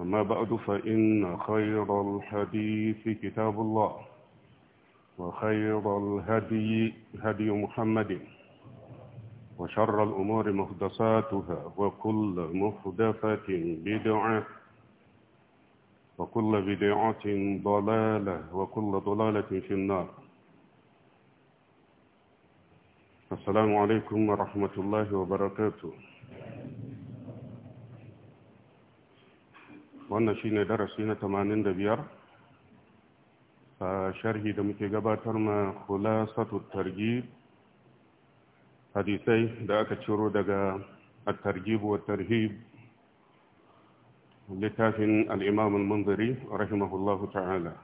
أما بعد فإن خير الحديث كتاب الله وخير الهدي هدي محمد وشر الأمور محدثاتها وكل محدثة بدعة وكل بدعة ضلالة وكل ضلالة في النار السلام عليكم ورحمة الله وبركاته wannan shi shine darasi na 85 a sharhi da muke gabatar ma khulasatu targhib hadisai da aka ciro daga a tarhib littafin al’imamun manzari, a munziri rahimahullahu ta'ala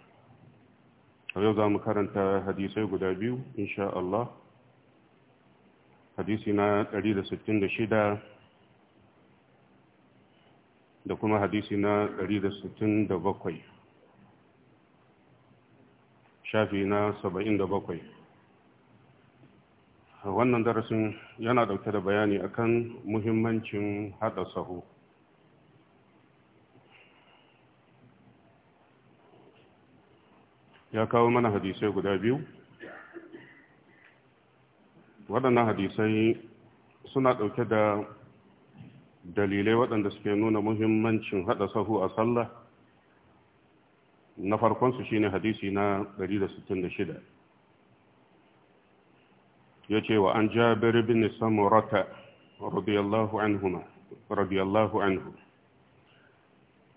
yau za mu karanta hadisai guda biyu insha Allah hadisi na 166 da kuma hadisi na 167 shafi na 77 wannan darasin yana dauke da bayani akan muhimmancin hada sahu ya kawo mana hadisai guda biyu waɗannan hadisai suna ɗauke da dalilai waɗanda suke nuna muhimmancin haɗa sahu a sallah na farkonsu shine hadisi na 166 ya ce wa an jabir bin samurata radiyallahu anhu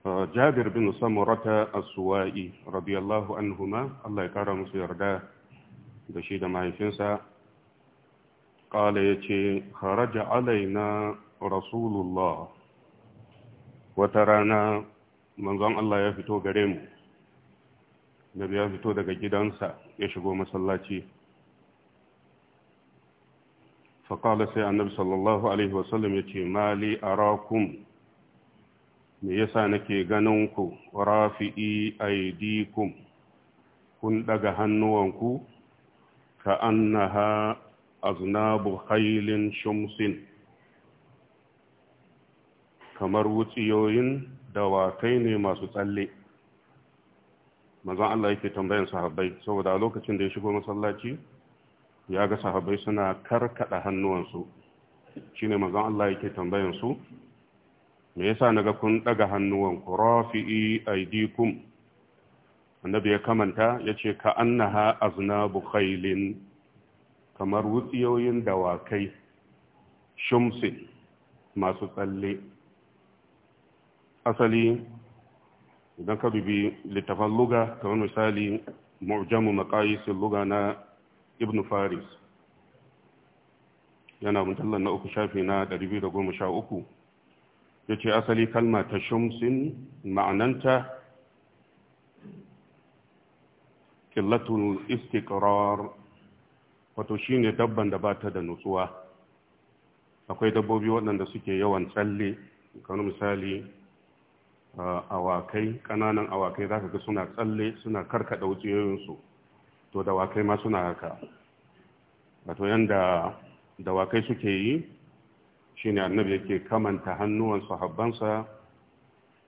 uh, jabir bin samurata a suwai radiyallahu anhuma Allah ya kara musu yarda da shi da mahaifinsa ya ce خرج Alaina. rasulullah wata rana manzon Allah ya fito gare mu da ya fito daga gidansa ya shigo masallaci faƙala sai annabi sallallahu alaihi wasallam ya ce mali arakum me yasa nake ganin ku rafi'i aidikum kun daga hannuwanku ka annaha aznabu khailin shumsin kamar wutsiyoyin dawakai ne masu tsalle manzon Allah yake tambayan sahabbai saboda lokacin da ya shigo masallaci ya ga sahabbai suna karkaɗa hannuwansu Shi ne manzon Allah yake tambayan su me yasa naga kun daga ku, rafi'i aydikum annabi ya kamanta yace ka annaha aznabu bukailin. kamar wutsiyoyin dawakai shumsi masu tsalle asali idan ka dubi littafan luga kamar misali mu'jamu maqayisul luga na ibn faris yana mutallan na uku shafi na 213 ce asali kalma ta shamsin ma'ananta killatun istikrar. wato shine dabban da bata da nutsuwa akwai dabbobi waɗanda suke yawan tsalle kamar misali awakai kananan awakai za ka ga suna tsalle suna karkaɗa wutsiyoyinsu to dawakai ma suna haka wato yanda dawakai suke yi shine annabi yake kamanta hannuwan sahabbansa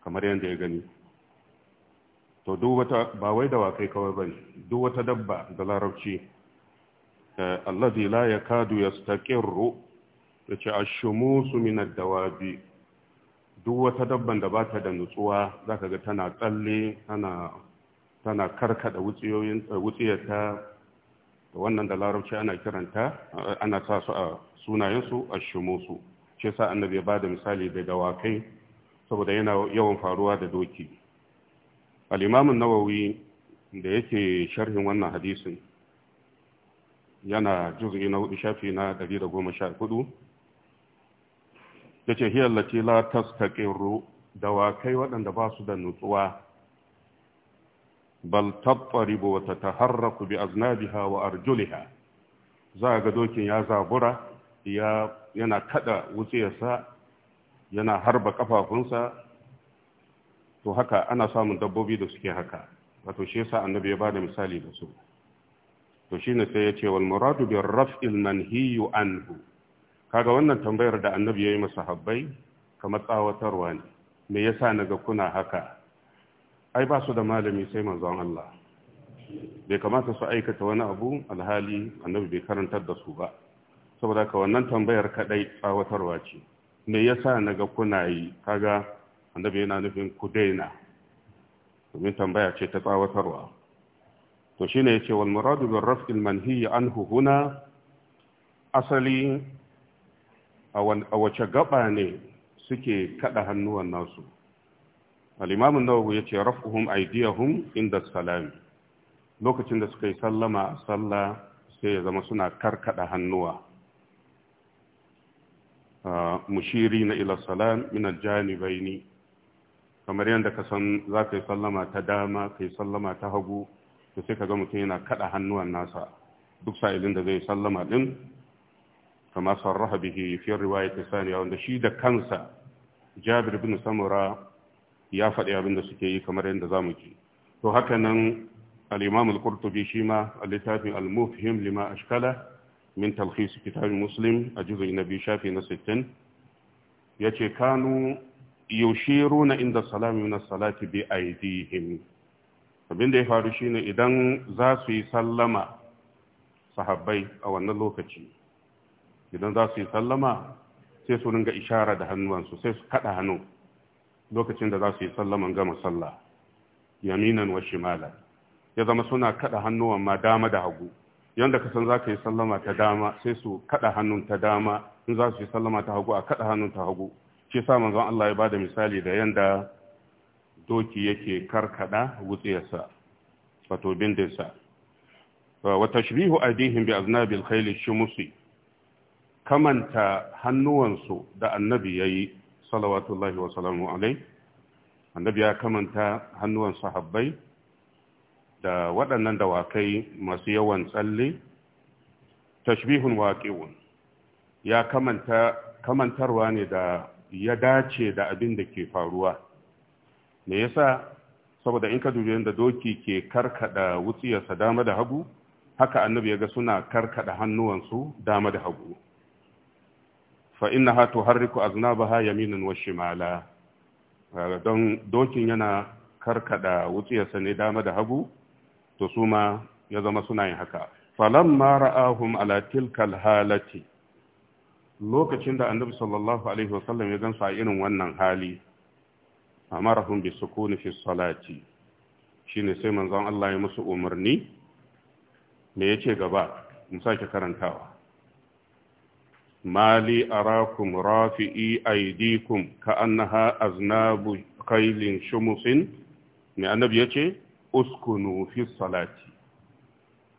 kamar yadda ya gani to duk wata ba wai dawakai kawai bane duk wata dabba da larabci eh, alladhi la yakadu yastaqirru yace ash-shumusu min ad-dawabi duk wata dabban da ba ta da nutsuwa za ka ga tana tsalle tana karkada eh, wutsiyarta da wannan da larabci ana kiranta eh, ana sa su a sunayensu a shimosu shi sa annabi ya ba da misali da dawakai saboda yana yawan faruwa da doki Alimamin nawawi da yake sharhin wannan hadisin yana juzu'i na hudu shafi na 114 ya ce hiyallaci la tastaqiru dawakai waɗanda ba su da nutsuwa bal tattaribu ta harraku bi aznabiha wa arjuliha za ga dokin ya zabura yana kada wutsiyarsa yana harba kafafunsa to haka ana samun dabbobi da suke haka wato shi yasa annabi ya bada misali da su to shine sai ya ce wal muradu bir raf'il manhiyu anhu kaga wannan tambayar da annabi ya yi masahabbai kamar tsawatarwa ne me yasa naga kuna haka ai ba su da malami sai manzon Allah bai kamata su aikata wani abu alhali annabi bai karantar da su ba saboda ka wannan tambayar kadai tsawatarwa ce me yasa naga kuna yi kaga annabi yana nufin ku daina domin tambaya ce ta tsawatarwa to shine yace wal muradu bil raf'il manhi anhu huna asali a wace gaba ne suke kada hannuwan nasu al'imamun nawawi ya ce rafuhun aidiyahun inda salami lokacin da suka yi sallama a sallah sai ya zama suna karkada hannuwa mushiri na ila salam bai ni. kamar yadda ka san za ka yi sallama ta dama ka yi sallama ta hagu da sai ka ga mutum yana kada hannuwan nasa duk sa'ilin da zai sallama ɗin. kamar sarraha bihi fi riwayat saniya wanda shi da kansa Jabir bin Samura ya faɗi abin da suke yi kamar yadda za mu ji to haka nan al-Imam al-Qurtubi shi ma al-Littafin al-Mufhim lima ashkala min talkhis kitab Muslim a juz'i na biyu shafi na 60 yace kanu yushiruna inda salami min as-salati bi aydihim abin da ya faru shine idan za su yi sallama sahabbai a wannan lokaci idan za su yi sallama sai su ringa ishara da hannuwansu sai su kada hannu lokacin da za su yi sallaman gama sallah yaminan wa shimala ya zama suna kada hannuwan ma dama da hagu yanda ka san za ka yi sallama ta dama sai su kada hannun ta dama in za su yi sallama ta hagu a kada hannun ta hagu shi sa manzon Allah ya bada misali da yanda doki yake karkada wutsiyarsa wato bindinsa wa tashbihu aidihim bi aznabil khayl shumusi kamanta hannuwansu da annabi ya yi salawatullahi wasalamu alai annabi ya kamanta hannuwan sahabbai da waɗannan da dawakai masu yawan tsalle tashbihun waƙiwun ya kamanta kamantarwa ne da ya dace da abin da ke faruwa me yasa saboda in ka dubi yadda doki ke karkada wutsiyarsa dama da hagu haka annabi ya ga suna karkada hannuwansu dama da hagu fa innaha tuharriku aznabaha yaminan wa shimala don dokin yana karkada wutsiyarsa ne dama da hagu to su ma ya zama suna yin haka falon mara ahun alatil kalhalati lokacin da annabi sallallahu alaihi wasallam ya gansu a irin wannan hali amarahum bi sukuni fi salati Shi ne sai manzon Allah ya musu umarni me ce gaba mu sake karantawa mali arakum rafi'i aidikum ka annaha aznabu kailin shumusin mai annabi ya ce uskunu fi salati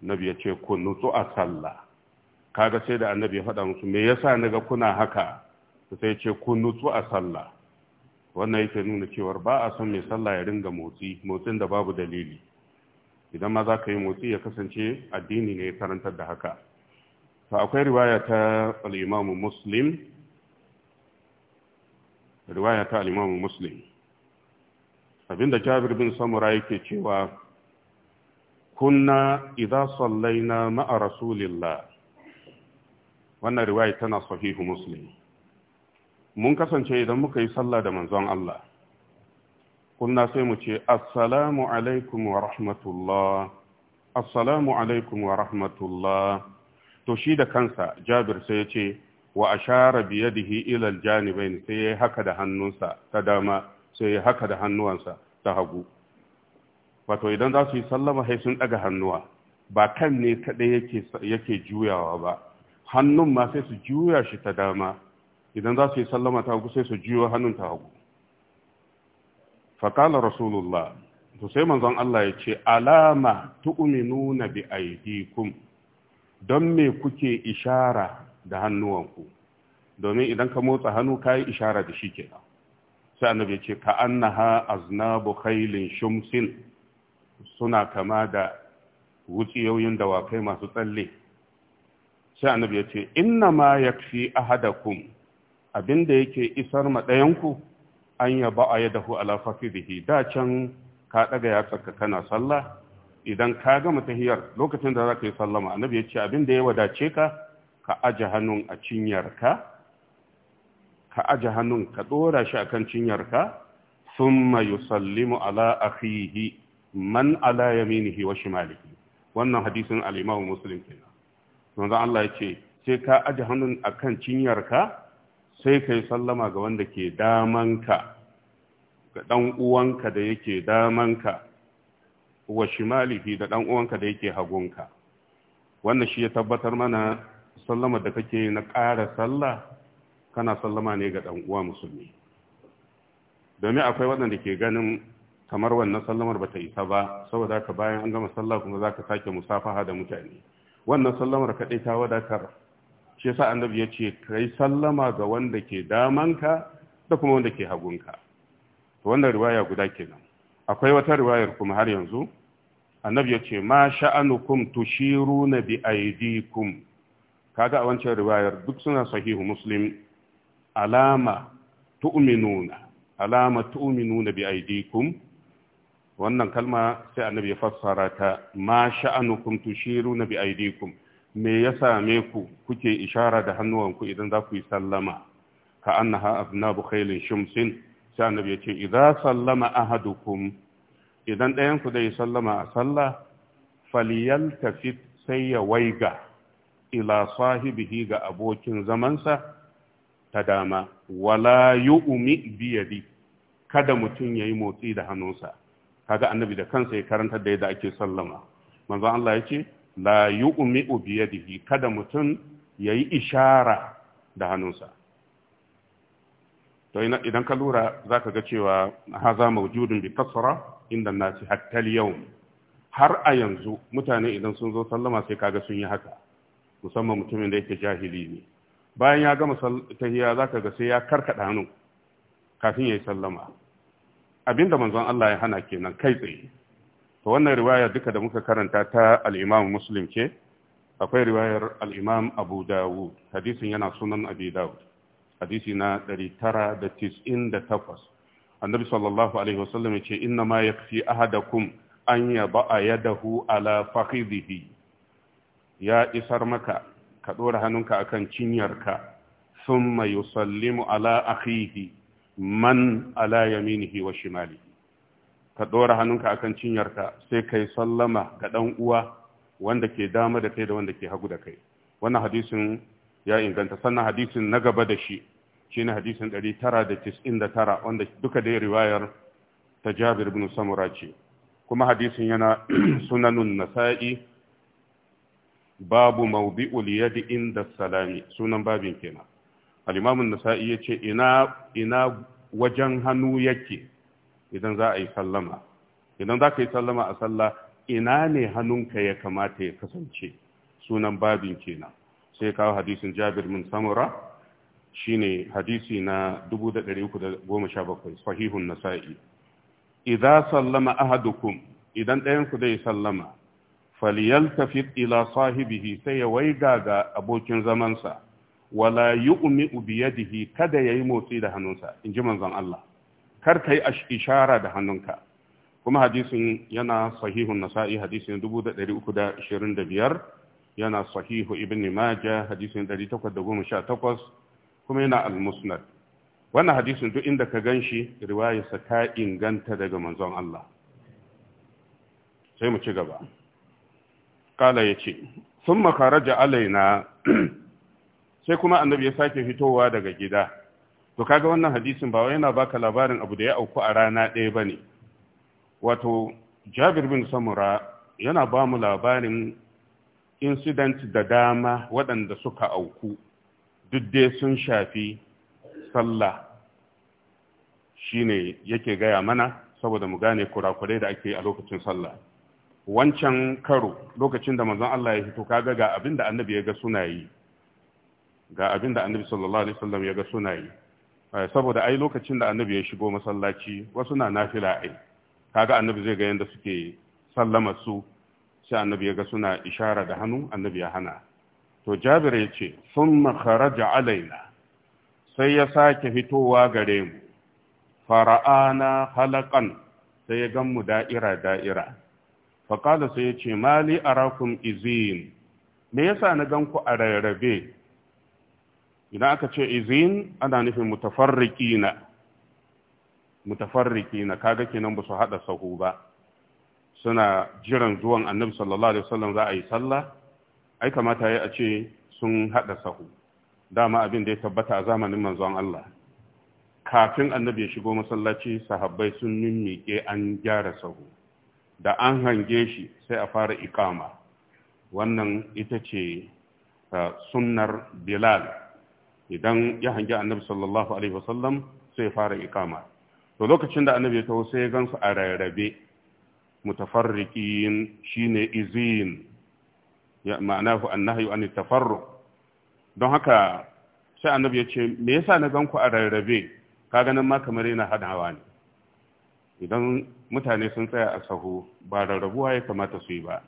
annabi ya ce ku nutsu a sallah kaga sai da annabi ya faɗa musu me yasa naga kuna haka sai ce ku nutsu a sallah wannan yake nuna cewar ba a son mai sallah ya ringa motsi motsin da babu dalili idan ma za ka yi motsi ya kasance addini ne ya karantar da haka fa akwai riwaya ta al Muslim abinda Jabir bin Samura yake cewa kunna idza sallaina ma'a rasulillah wannan riwaya tana sahihu Muslim mun kasance idan muka yi sallah da manzon Allah kunna sai mu ce assalamu alaikum wa wa to shi da kansa jabir sai ya ce wa ashara bi yadihi ila aljanibain sai ya haka da hannunsa ta dama sai ya haka da hannuwansa ta hagu wato idan za su yi sallama sai sun daga hannuwa ba kan ne kadai yake yake juyawa ba hannun ma sai su juya shi ta dama idan za su yi sallama ta hagu sai su juyo hannun ta hagu faqala rasulullah to sai manzon Allah ya ce alama tu'minuna bi aidikum don me kuke ishara da hannuwanku domin idan ka motsa hannu ka yi ishara da shi kenan sai annabi ce ka annaha aznabu khailin shumsin suna kama da wutsiyoyin dawakai masu tsalle sai annabi ya ce inna ma ya yakfi ahadakum da yake isar ma ɗayanku an yaba a yadahu ala alafafi da can ka ɗaga ya tsaka kana sallah idan ka gama tahiyar lokacin da za ka yi sallama annabi ya ce abin da ya wadace ka ka aje hannun a cinyarka ka aje hannun ka ɗora shi akan cinyarka thumma yusallimu ala akhihi man ala yaminihi wa shimalihi wannan hadisin al-Imam Muslim kenan manzo Allah ya ce sai ka aje hannun akan cinyarka sai yi sallama ga wanda ke damanka ga dan uwanka da yake damanka wa shimalihi da dan uwanka da yake hagunka wannan shi ya tabbatar mana sallama da kake na ƙara sallah kana sallama ne ga dan uwa musulmi domin akwai waɗanda ke ganin kamar wannan sallamar ba ta isa ba saboda ka bayan an gama sallah kuma za ka sake musafaha da mutane wannan sallamar kaɗai ta wadatar shi yasa annabi ya ce kai sallama ga wanda ke damanka da kuma wanda ke hagunka wannan riwaya guda kenan akwai wata riwayar kuma har yanzu annabi ya ce ma sha'anukum tushiruna bi aidikum kaga a wancan riwayar duk suna sahihu muslim alama tu'minuna alama tu'minuna bi aidikum wannan kalma sai annabi ya fassara ta ma sha'anukum tushiruna bi aidikum me ya same ku kuke ishara da hannuwanku idan za ku yi sallama ka annaha aznabu khailin shumsin sai annabi ya ce idza sallama ahadukum idan ɗayan ku zai sallama a sallah faliyal tafit sai ya waiga ila sahibihi ga abokin zamansa ta dama wala yu'mi biyadi kada mutum yayi motsi da hannunsa kaga annabi da kansa ya karanta da yadda ake sallama manzo Allah ce la yu'mi biyadihi kada mutum yayi ishara da hannunsa to idan ka lura za ka ga cewa haza mawjudun bi kasra inda ci hatta yau. har a yanzu mutane idan sun zo sallama sai kaga sun yi haka musamman mutumin da yake jahili ne bayan ya gama za ka ga sai ya karkada hannu kafin ya yi sallama abinda manzon Allah ya hana kenan kai tsaye to wannan riwaya duka da muka karanta ta al-Imam Muslim ce akwai riwayar al Abu Dawud hadisin yana sunan Abi Dawud hadisi na 998 annabi sallallahu alaihi wasallam yace inna ma yakfi ahadakum an yaba yadahu ala fakhidhihi ya isar maka ka dora hannunka akan cinyarka thumma yusallimu ala akhihi man ala yaminihi wa Shimali. ka dora hannunka akan cinyarka sai kai sallama ga dan uwa wanda ke dama da kai da wanda ke hagu da kai wannan hadisin ya inganta sannan hadisin na gaba da shi shi ne hadisin 999 wanda duka dai riwayar ta Jabir bin Samura ce kuma hadisin yana sunanun nasa'i babu maubi yadi inda salami sunan babin kenan alimamun nasai yace ina ina wajen hannu yake idan za a yi sallama idan za ka yi sallama a sallah ina ne hannunka ya kamata ya kasance sunan babin kenan sai kawo hadisin jabir min samura shine hadisi na 1317 sahihun nasa'i idza sallama ahadukum idan ɗayan ku zai sallama falyaltafit ila sahibihi sai ya waiga ga abokin zamansa wala yu'mi biyadihi kada yayi motsi da hannunsa in ji manzon Allah kar ka kai ishara da hannunka kuma hadisin yana sahihun nasa'i hadisin 1325 yana sahihu ibn majah hadisin 818 kuma yana al-musnad wannan hadisin duk inda ka ganshi riwayarsa ta inganta daga manzon Allah sai mu ci gaba kala yace thumma kharaja alaina sai kuma annabi ya sake fitowa daga gida to kaga wannan hadisin ba yana baka labarin abu da ya auku a rana ɗaya bane wato Jabir bin Samura yana ba mu labarin incident da dama waɗanda suka auku duk dai sun shafi sallah shine yake gaya mana saboda mu gane kurakurai da ake a lokacin sallah wancan karo lokacin da manzon Allah ya fito kaga ga abin da annabi ya ga suna yi ga abin da annabi sallallahu alaihi wasallam ya ga suna yi eh, saboda ai lokacin da annabi ya shigo masallaci wasu na nafila ai kaga annabi zai ga yanda suke sallama su sai annabi ya ga suna ishara da hannu annabi ya hana to jabir ya ce sun makaraja alaina sai ya sake fitowa gare mu fara'ana halakan sai ya gan mu da'ira da'ira faƙala sai ya ce mali arakun izin me yasa na gan ku a rarrabe idan aka ce izin ana nufin mutafarriki na mutafarriki na kaga kenan ba su haɗa sahu ba suna jiran zuwan annabi sallallahu alaihi wasallam za a yi sallah ai kamata ya a ce sun hada sahu dama abin da ya tabbata a zamanin manzon Allah kafin annabi ya shigo masallaci sahabbai sun nimmike an gyara sahu da an hange shi sai a fara ikama wannan ita ce eh, sunnar bilal idan ya hange annabi sallallahu alaihi wasallam sai fara ikama to lokacin da annabi ya taho sai ya gansu a rarrabe mutafarriqin shine izin ya ma'anahu annahyu an don haka sai annabi ya ce me yasa na ganku a rarrabe ka ganin ma kamar yana hadawa ne idan mutane sun tsaya a sahu ba rarrabuwa ya kamata su yi ba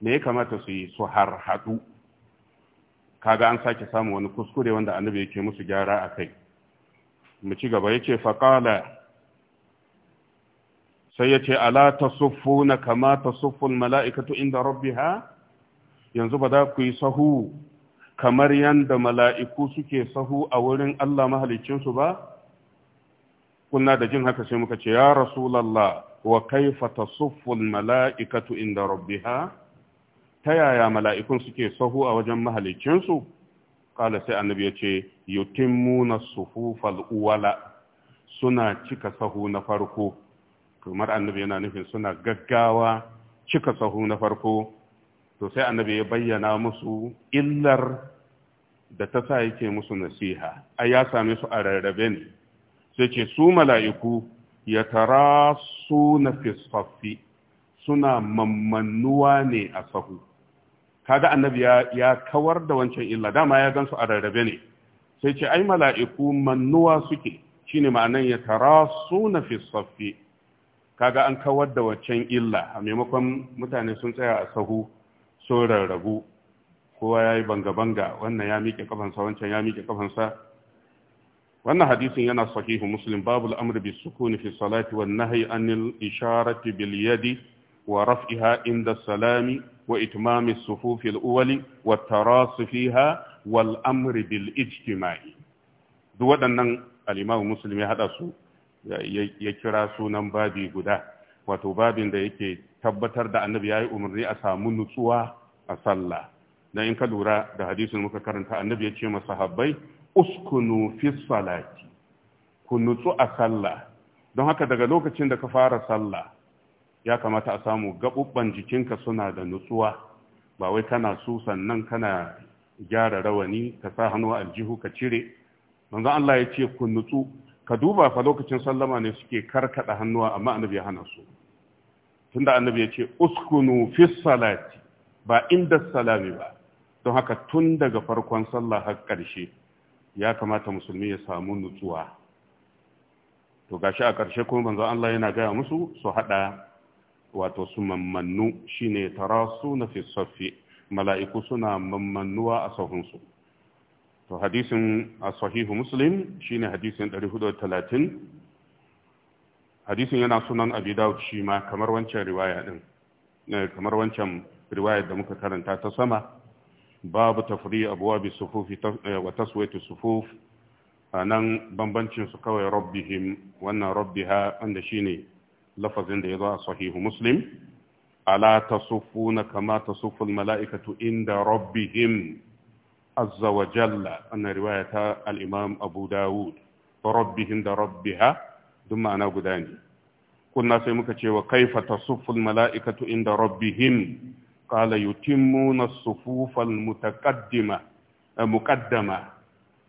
me ya kamata su yi su har haɗu kaga an sake samu wani kuskure wanda annabi yake musu gyara a kai mu ci gaba yace faƙala. sai ya ce ala ta na kama tasuffu mala'ikatu inda ha yanzu ba za ku yi sahu kamar yadda mala'iku suke sahu a wurin Allah mahalicinsu ba kunna da jin haka sai muka ce ya lalla. wa kaifa suful mala'ikatu inda ha ta yaya mala'ikun suke sahu a wajen mahalicinsu kala sai annabi ya ce muna sufu uwala suna cika sahu na farko kamar annabi yana nufin suna gaggawa cika sahu na farko to sai annabi ya bayyana musu illar da ta sa yake musu nasiha a ya same su a rarrabe ne sai ce su mala'iku ya tara su na fisfafi suna mammanuwa ne a sahu kaga annabi ya kawar da wancan illa dama ya gan su a rarrabe ne sai ce ai mala'iku mannuwa suke shine ma'anan ya tara su na fisfafi kaga an kawar da waccan illa a maimakon mutane sun tsaya a sahu sun rarrabu kowa ya yi banga-banga wannan ya miƙe kafansa wancan ya miƙe kafansa wannan hadisin yana sahihu muslim babu al'amur bi sukuni fi salati wa nahyi anil isharati bil yadi wa raf'iha inda salami wa itmami sufufi al-awwali wa tarasu fiha wal amri bil ijtima'i duk waɗannan al-imam muslim ya hada su ya kira sunan babi guda wato babin da yake tabbatar da annabi ya yi umarni a samu nutsuwa a sallah na in ka lura da hadisun muka karanta annabi ya ce masa masahabbai uskunu fi salati ku nutsu a sallah don haka daga lokacin da ka fara sallah ya kamata a samu gaɓuɓɓan jikinka suna da nutsuwa ba wai kana su sannan kana gyara rawani ka sa hannu aljihu ka cire manzo Allah ya ce ku nutsu ka duba fa lokacin sallama ne suke karkada hannuwa amma annabi ya hana su tunda annabi ya ce uskunu fi salati ba inda salami ba don haka tun daga farkon sallah har karshe ya kamata musulmi ya samu nutsuwa to gashi a ƙarshe kuma manzon Allah yana gaya musu su hada wato su mammannu shine tarasu na fi safi mala'iku suna mammannuwa a sahunsu to hadisin a sahihu muslim shine hadisin 430 hadisin yana sunan abi dawud shi ma kamar wancan riwaya din kamar wancan riwayar da muka karanta ta sama babu tafri abwabi sufufi eh, wa taswiyatu sufuf anan bambancin su kawai rabbihim wannan rabbiha wanda shine lafazin da yazo a sahihu muslim ala tasufuna kama tasuful mala'ikatu inda rabbihim Azawajalla, ana riwayata annan riwaya ta abu dawud rabbihim da rabbiha duk ma'ana guda ne kunna sai muka ce wa kaifa tasuffu al-mala'ikatu inda rabbihin qala yutimmuna as-sufufa al eh,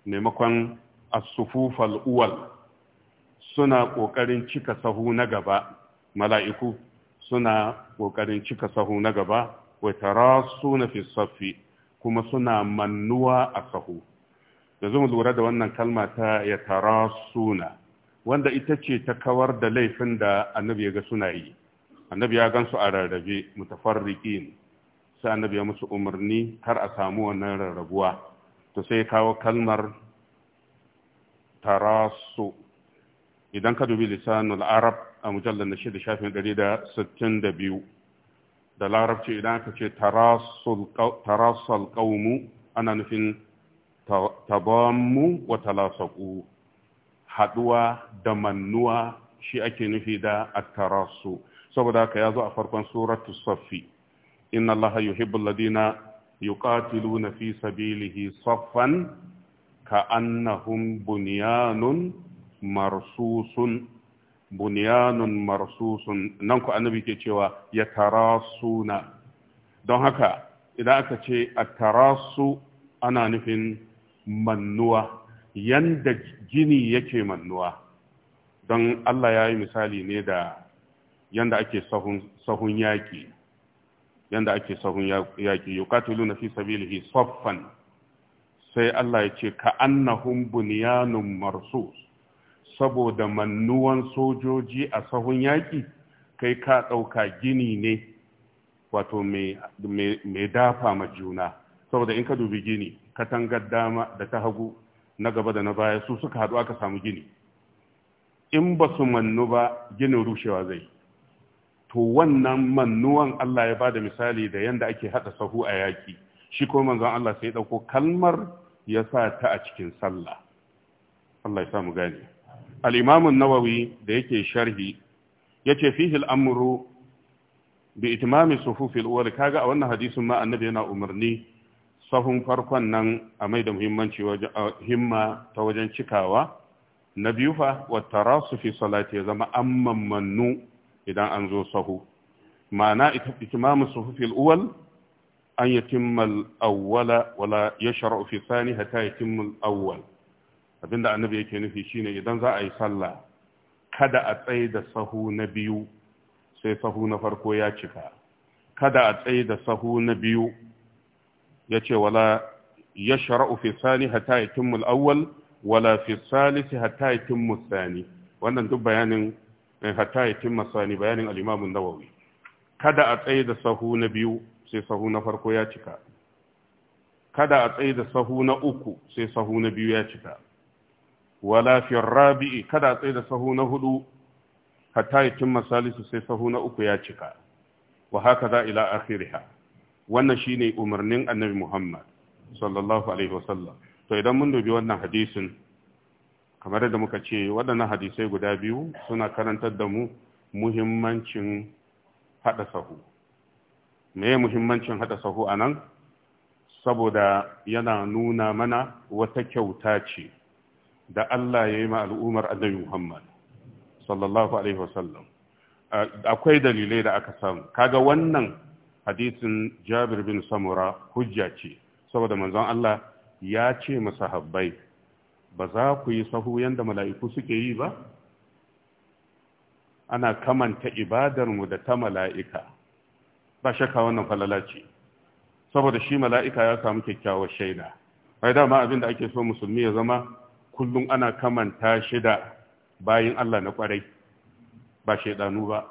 maimakon a sufufa uwal suna ƙoƙarin cika sahu na gaba mala'iku suna ƙoƙarin cika sahu na gaba wata rasu na fi saffi kuma suna mannuwa a sahu yanzu mu lura da wannan kalma ta ya tara suna wanda ita ce ta kawar da laifin da annabi ya ga suna yi annabi ya gansu a rarrabe mutafarriqin sai annabi ya musu umarni har a samu wannan rarrabuwa to sai ya kawo kalmar tarasu idan ka dubi lisanul arab a mujallar na shida shafin 162 da larabci idan aka ce tarasal ƙaunu ana nufin tabammu wa talasaku haɗuwa da mannuwa shi ake nufi da a tarasu saboda haka ya zo a farkon suratu saffi inna allaha yuhibbul ladina yuqatiluna fi sabilihi saffan ka'annahum bunyanun marsusun bunyanun marsusun nan ku annabi ke cewa ya tarasuna don haka idan aka ce a tarasu ana nufin mannuwa yanda gini yake mannuwa don Allah ya yi misali ne da yanda ake sahun yaƙi yanda ake sahun yaƙi yuqatilu na fi sabilihi saffan sai Allah ya ce ka annahun bunyanun marsus saboda mannuwan sojoji a sahun yaƙi kai ka ɗauka gini ne wato mai dafa ma juna saboda in ka dubi gini katangar dama da ta hagu na gaba da na baya su suka haɗu aka samu gini in ba su mannu ba ginin rushewa zai to wannan mannuwan Allah ya ba da misali da yanda ake haɗa sahu a yaƙi shi ko manzon Allah sai ɗauko kalmar ya sa ta a cikin sallah Allah ya samu gane al'imamun nawawi da yake sharhi ya ce fihil amuru bi itimami sufufil uwar kaga a wannan hadisin ma annabi yana umarni sahun farkon nan amai da muhimmanci himma ta wajen cikawa na biyu fa wata rasu fi salati ya zama an mammannu idan an zo sahu ma'ana itimamu sufufil uwal an yatimmal awwala wala yashra'u fi thani hatta yatimmal awwal abinda annabi yake nufi shine idan za a yi sallah kada a tsaye da sahu na biyu sai sahu na farko ya cika kada a tsaye da sahu na biyu ya ce wala ya shara'u fi sani hata ya timmul awwal wala fi salisi hata ya timmul sani wannan duk bayanin eh, hata ya timmul sani bayanin alimamun nawawi kada a tsaye da sahu na biyu sai sahu na farko ya cika kada a tsaye da sahu na uku sai sahu na biyu ya cika wala fi rabi'i kada tsaye da sahu na hudu hatta yakin masalisu sai sahu na uku ya cika wa haka za ila akhiriha wannan shine umarnin annabi Muhammad sallallahu alaihi wasallam to idan mun dubi wannan hadisin kamar da muka ce waɗannan hadisai guda biyu suna karantar da mu muhimmancin haɗa sahu me muhimmancin haɗa sahu a nan saboda yana nuna mana wata kyauta ce da Allah ya yi ma al'ummar annabi Muhammad sallallahu alaihi wasallam akwai dalilai da aka samu kaga wannan hadisin Jabir bin Samura hujja ce saboda manzon Allah ya ce masahabbai ba za ku yi sahu yadda mala'iku suke yi ba ana kamanta ibadarmu da ta mala'ika ba shaka wannan falala ce saboda shi mala'ika ya samu kyakkyawar shaida bai dama abin da ake so musulmi ya zama kullum ana kamanta shida da bayin Allah na kwarai ba shaidanu ba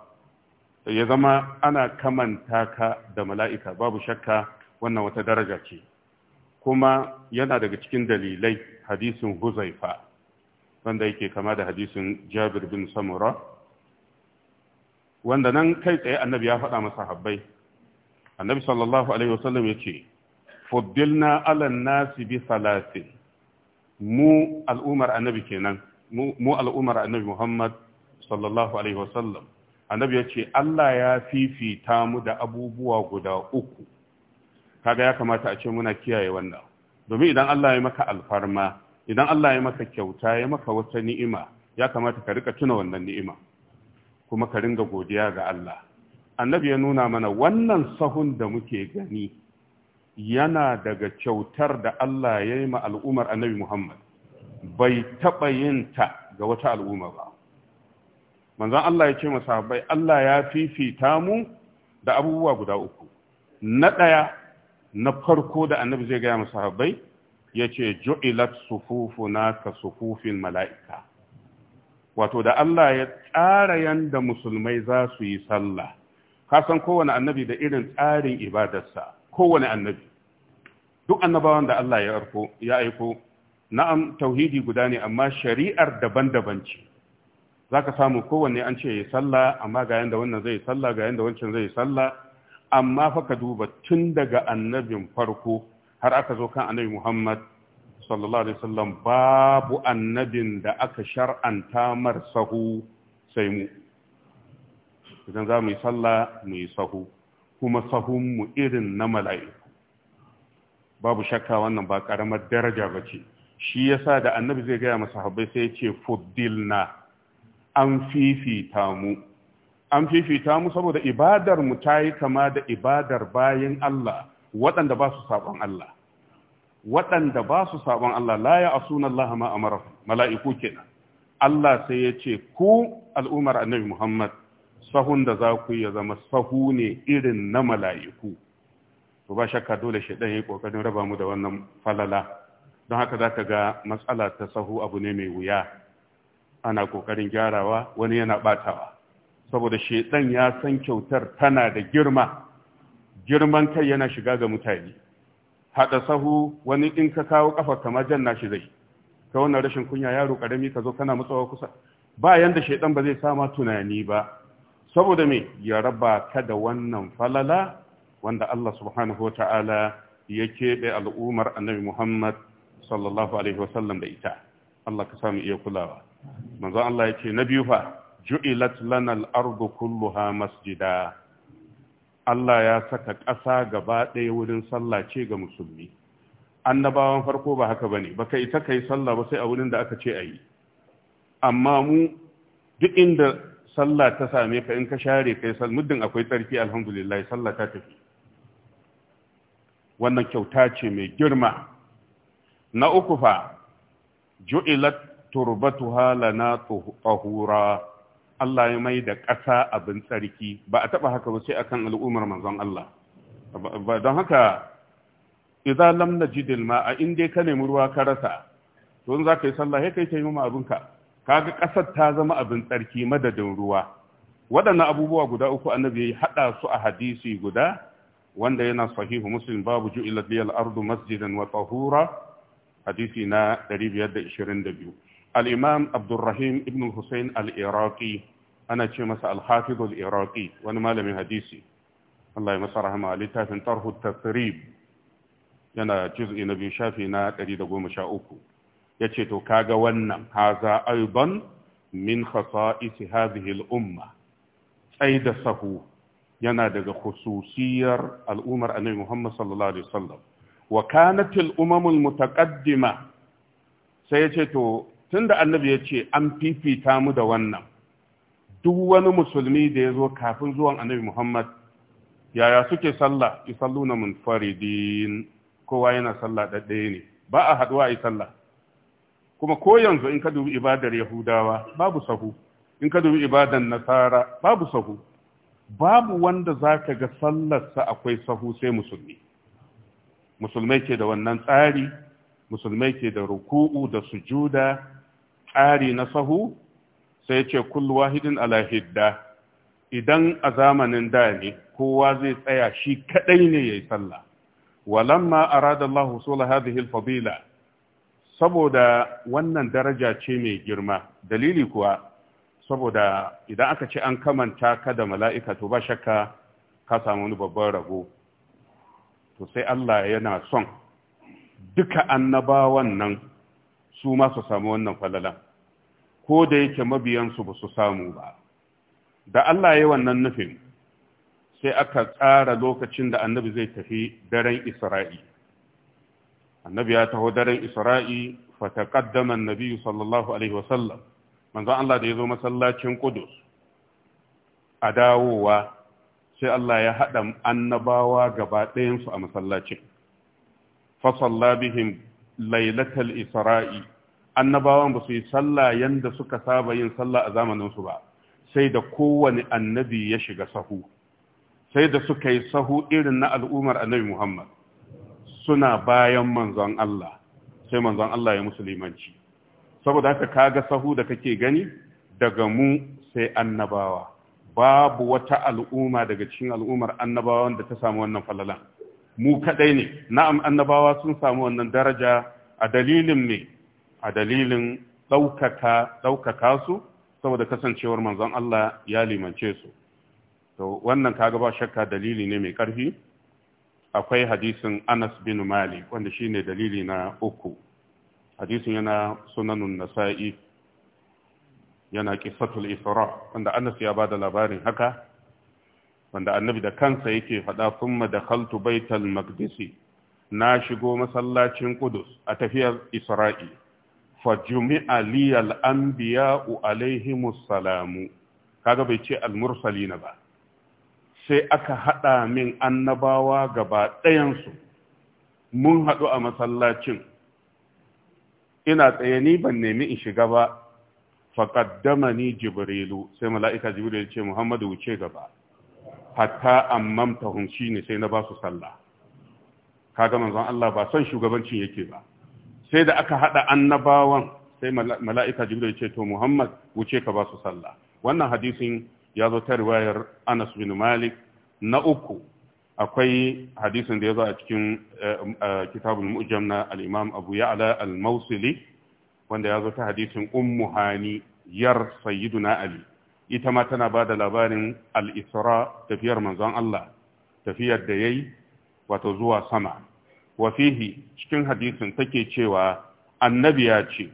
ya zama ana kamanta ka da mala'ika babu shakka wannan wata daraja ce kuma yana daga cikin dalilai hadisin huzaifa wanda yake kama da hadisin jabir bin samura wanda nan kai tsaye annabi ya faɗa masa habbai annabi sallallahu alaihi wasallam ya ce fuddilna alan nasi bi salasin mu al'umar annabi kenan mu al'umar annabi Muhammad sallallahu alaihi wasallam annabi ya ce Allah ya fifita mu da abubuwa guda uku kaga ya kamata a ce muna kiyaye wannan domin idan Allah ya maka alfarma idan Allah ya maka kyauta ya maka wata ni'ima ya kamata ka rika tuna wannan ni'ima kuma ka ringa godiya ga Allah annabi ya nuna mana wannan sahun da muke gani yana daga kyautar da Allah ya yi ma al'ummar annabi Muhammad bai taɓa yin ta ga wata al'umma ba. Manzan Allah ya ce masahabai Allah ya fifita mu da abubuwa guda uku. Na ɗaya na farko da annabi zai gaya masahabai ya ce ju'ilat sufufuna ka sufufin mala'ika. Wato da Allah ya tsara yanda musulmai za su yi sallah, kasan kowane annabi da irin tsarin ibadarsa. kowane annabi duk annabawan da Allah ya aiko ya aiko na'am tauhidi guda ne amma shari'ar daban-daban ce zaka samu kowanne an ce ya sallah amma ga yanda wannan zai salla ga yanda wancan zai sallah amma fa ka duba tun daga annabin farko har aka zo kan annabi Muhammad sallallahu alaihi wasallam babu annabin da aka shar'anta mar sahu sai mu idan za mu yi sallah mu yi sahu kuma mu irin na mala'iku babu shakka wannan ba ƙaramar daraja ba ce shi ya sa da annabi zai gaya masa habai sai ce fuddilna an fifita mu an fifita mu saboda ibadar mu ta yi kama da ibadar bayan Allah waɗanda ba su saɓon Allah waɗanda ba su saɓon Allah la ya asuna Allah ma mala'iku kenan Allah sai ya ce ku al'umar annabi Muhammad sahun da za ku ya zama sahu ne irin na mala'iku to ba shakka dole shi ɗan yi ƙoƙarin raba mu da wannan falala don haka za ka ga matsala ta sahu abu ne mai wuya ana ƙoƙarin gyarawa wani yana ɓatawa saboda shi ɗan ya san kyautar tana da girma girman kai yana shiga ga mutane haɗa sahu wani in ka kawo ƙafa kamar jan nashi zai ka wannan rashin kunya yaro ƙarami ka zo kana matsawa kusa ba yanda shaidan ba zai sama tunani ba saboda me ya raba ka da wannan falala wanda Allah subhanahu wata'ala ya keɓe al'umar annabi Muhammad sallallahu alaihi wasallam da ita Allah ka samu iya kulawa manzo Allah ya ce na biyu fa ju'ilat lana al-ardu kulluha masjida Allah ya saka ƙasa gaba ɗaya wurin sallah ce ga musulmi annabawan farko ba haka bane baka ita yi sallah ba sai a wurin da aka ce ayi amma mu duk inda sallah ta same ka in ka share kai sal muddin akwai tsarki alhamdulillah sallah ta tafi wannan kyauta ce mai girma na uku fa ju'ilat turbatuha lana tahura Allah ya mai da ƙasa abin tsarki ba a taba haka ba sai akan al'ummar manzon Allah don haka idan lam najidil ma'a in dai ka nemi ruwa ka rasa to in za ka yi sallah sai kai taimama abinka kaga ƙasar ta zama abin tsarki madadin ruwa waɗannan abubuwa guda uku annabi ya haɗa su a hadisi guda wanda yana sahihu muslim babu ju'ila liyal ardu masjidan wa tahura hadisi na 522 al-imam abdurrahim ibn hussein al-iraqi ana ce masa al-hafiz al-iraqi wani malamin hadisi Allah ya masa rahama a littafin tarhu tasrib yana juz'i na biyu shafi na 113 ya ce to kaga wannan haza aiban min khasa'isi hadhihi al-umma tsai da sahu yana daga khususiyar al'ummar annabi Muhammad sallallahu alaihi wasallam wa kanat al-umam sai ya ce to tunda annabi ya ce an fifita mu da wannan duk wani musulmi da ya zo kafin zuwan annabi Muhammad yaya suke sallah isalluna munfaridin kowa yana sallah da ɗaya ne ba a haɗuwa a yi sallah kuma ko yanzu in ka dubi ibadar yahudawa babu sahu in ka dubi ibadar nasara babu sahu babu wanda za ka ga sallarsa akwai sahu sai musulmi musulmai ke da wannan tsari musulmai ke da ruku'u da sujuda tsari na sahu sai ce kullu wahidin ala hidda idan a zamanin da ne kowa zai tsaya shi kadai ne yayi sallah walamma arada Allah usul hadhihi al-fadila saboda wannan daraja ce mai girma dalili kuwa saboda idan aka ce an kamanta ka da mala'ika to ba shakka ka samu wani babban rago to sai Allah yana son duka annabawan nan su ma samu wannan falalan ko da yake mabiyansu ba su samu ba da Allah ya wannan nufin sai aka tsara lokacin da annabi zai tafi daren Isra'i annabi ya taho daren isra'i fataqaddama annabi sallallahu alaihi wasallam manzo Allah da ya zo masallacin ƙudus a dawowa sai Allah ya haɗa annabawa gaba a masallacin fa bihim lailatal isra'i annabawan ba su yi sallah yanda suka saba yin sallah a zamaninsu ba sai da kowane annabi ya shiga sahu sai da suka yi sahu irin na al'ummar annabi Muhammad suna bayan manzon Allah sai manzon Allah ya musulmanci saboda haka kaga sahu da kake gani daga mu sai annabawa babu wata al'umma daga cikin al'ummar annabawa wanda ta samu wannan falala mu kadai ne na'am annabawa sun samu wannan daraja a dalilin ne a dalilin ɗaukaka daukaka su saboda kasancewar manzon Allah ya limance su to wannan kaga ba shakka dalili ne mai ƙarfi akwai hadisin Anas bin Mali, wanda shine dalili na uku hadisin yana sunanun nasa'i yana kisatul isra wanda Anas ya bada labarin haka wanda annabi da kansa yake faɗa thumma dakhaltu baital maqdisi na shigo masallacin Qudus a tafiyar Isra'i fajumi'a al anbiya'u alaihimus salamu kaga bai ce al-mursalina ba sai aka haɗa min annabawa gaba ɗayansu mun haɗu a masallacin ina tsaye ni ban nemi in shiga ba ni jibrilu sai mala'ika jibrilu ya ce muhammadu wuce gaba hatta amman tahun shi ne sai na ba su sallah kaga manzon Allah ba son shugabancin yake ba sai da aka haɗa annabawan sai mala'ika jibrilu ya ce to muhammad wuce ka ba su sallah wannan hadisin ya zo ta riwayar Anas bin Malik na uku akwai hadisin da ya zo a cikin eh, eh, kitabul mu'jam na al-Imam Abu Ya'la al-Mawsili wanda ya zo ta hadisin Ummu Hani yar Sayyiduna Ali ita ma tana ba da labarin al-Isra tafiyar manzon Allah tafiyar da yayi wato zuwa sama wa fihi cikin hadisin take cewa annabi ya ce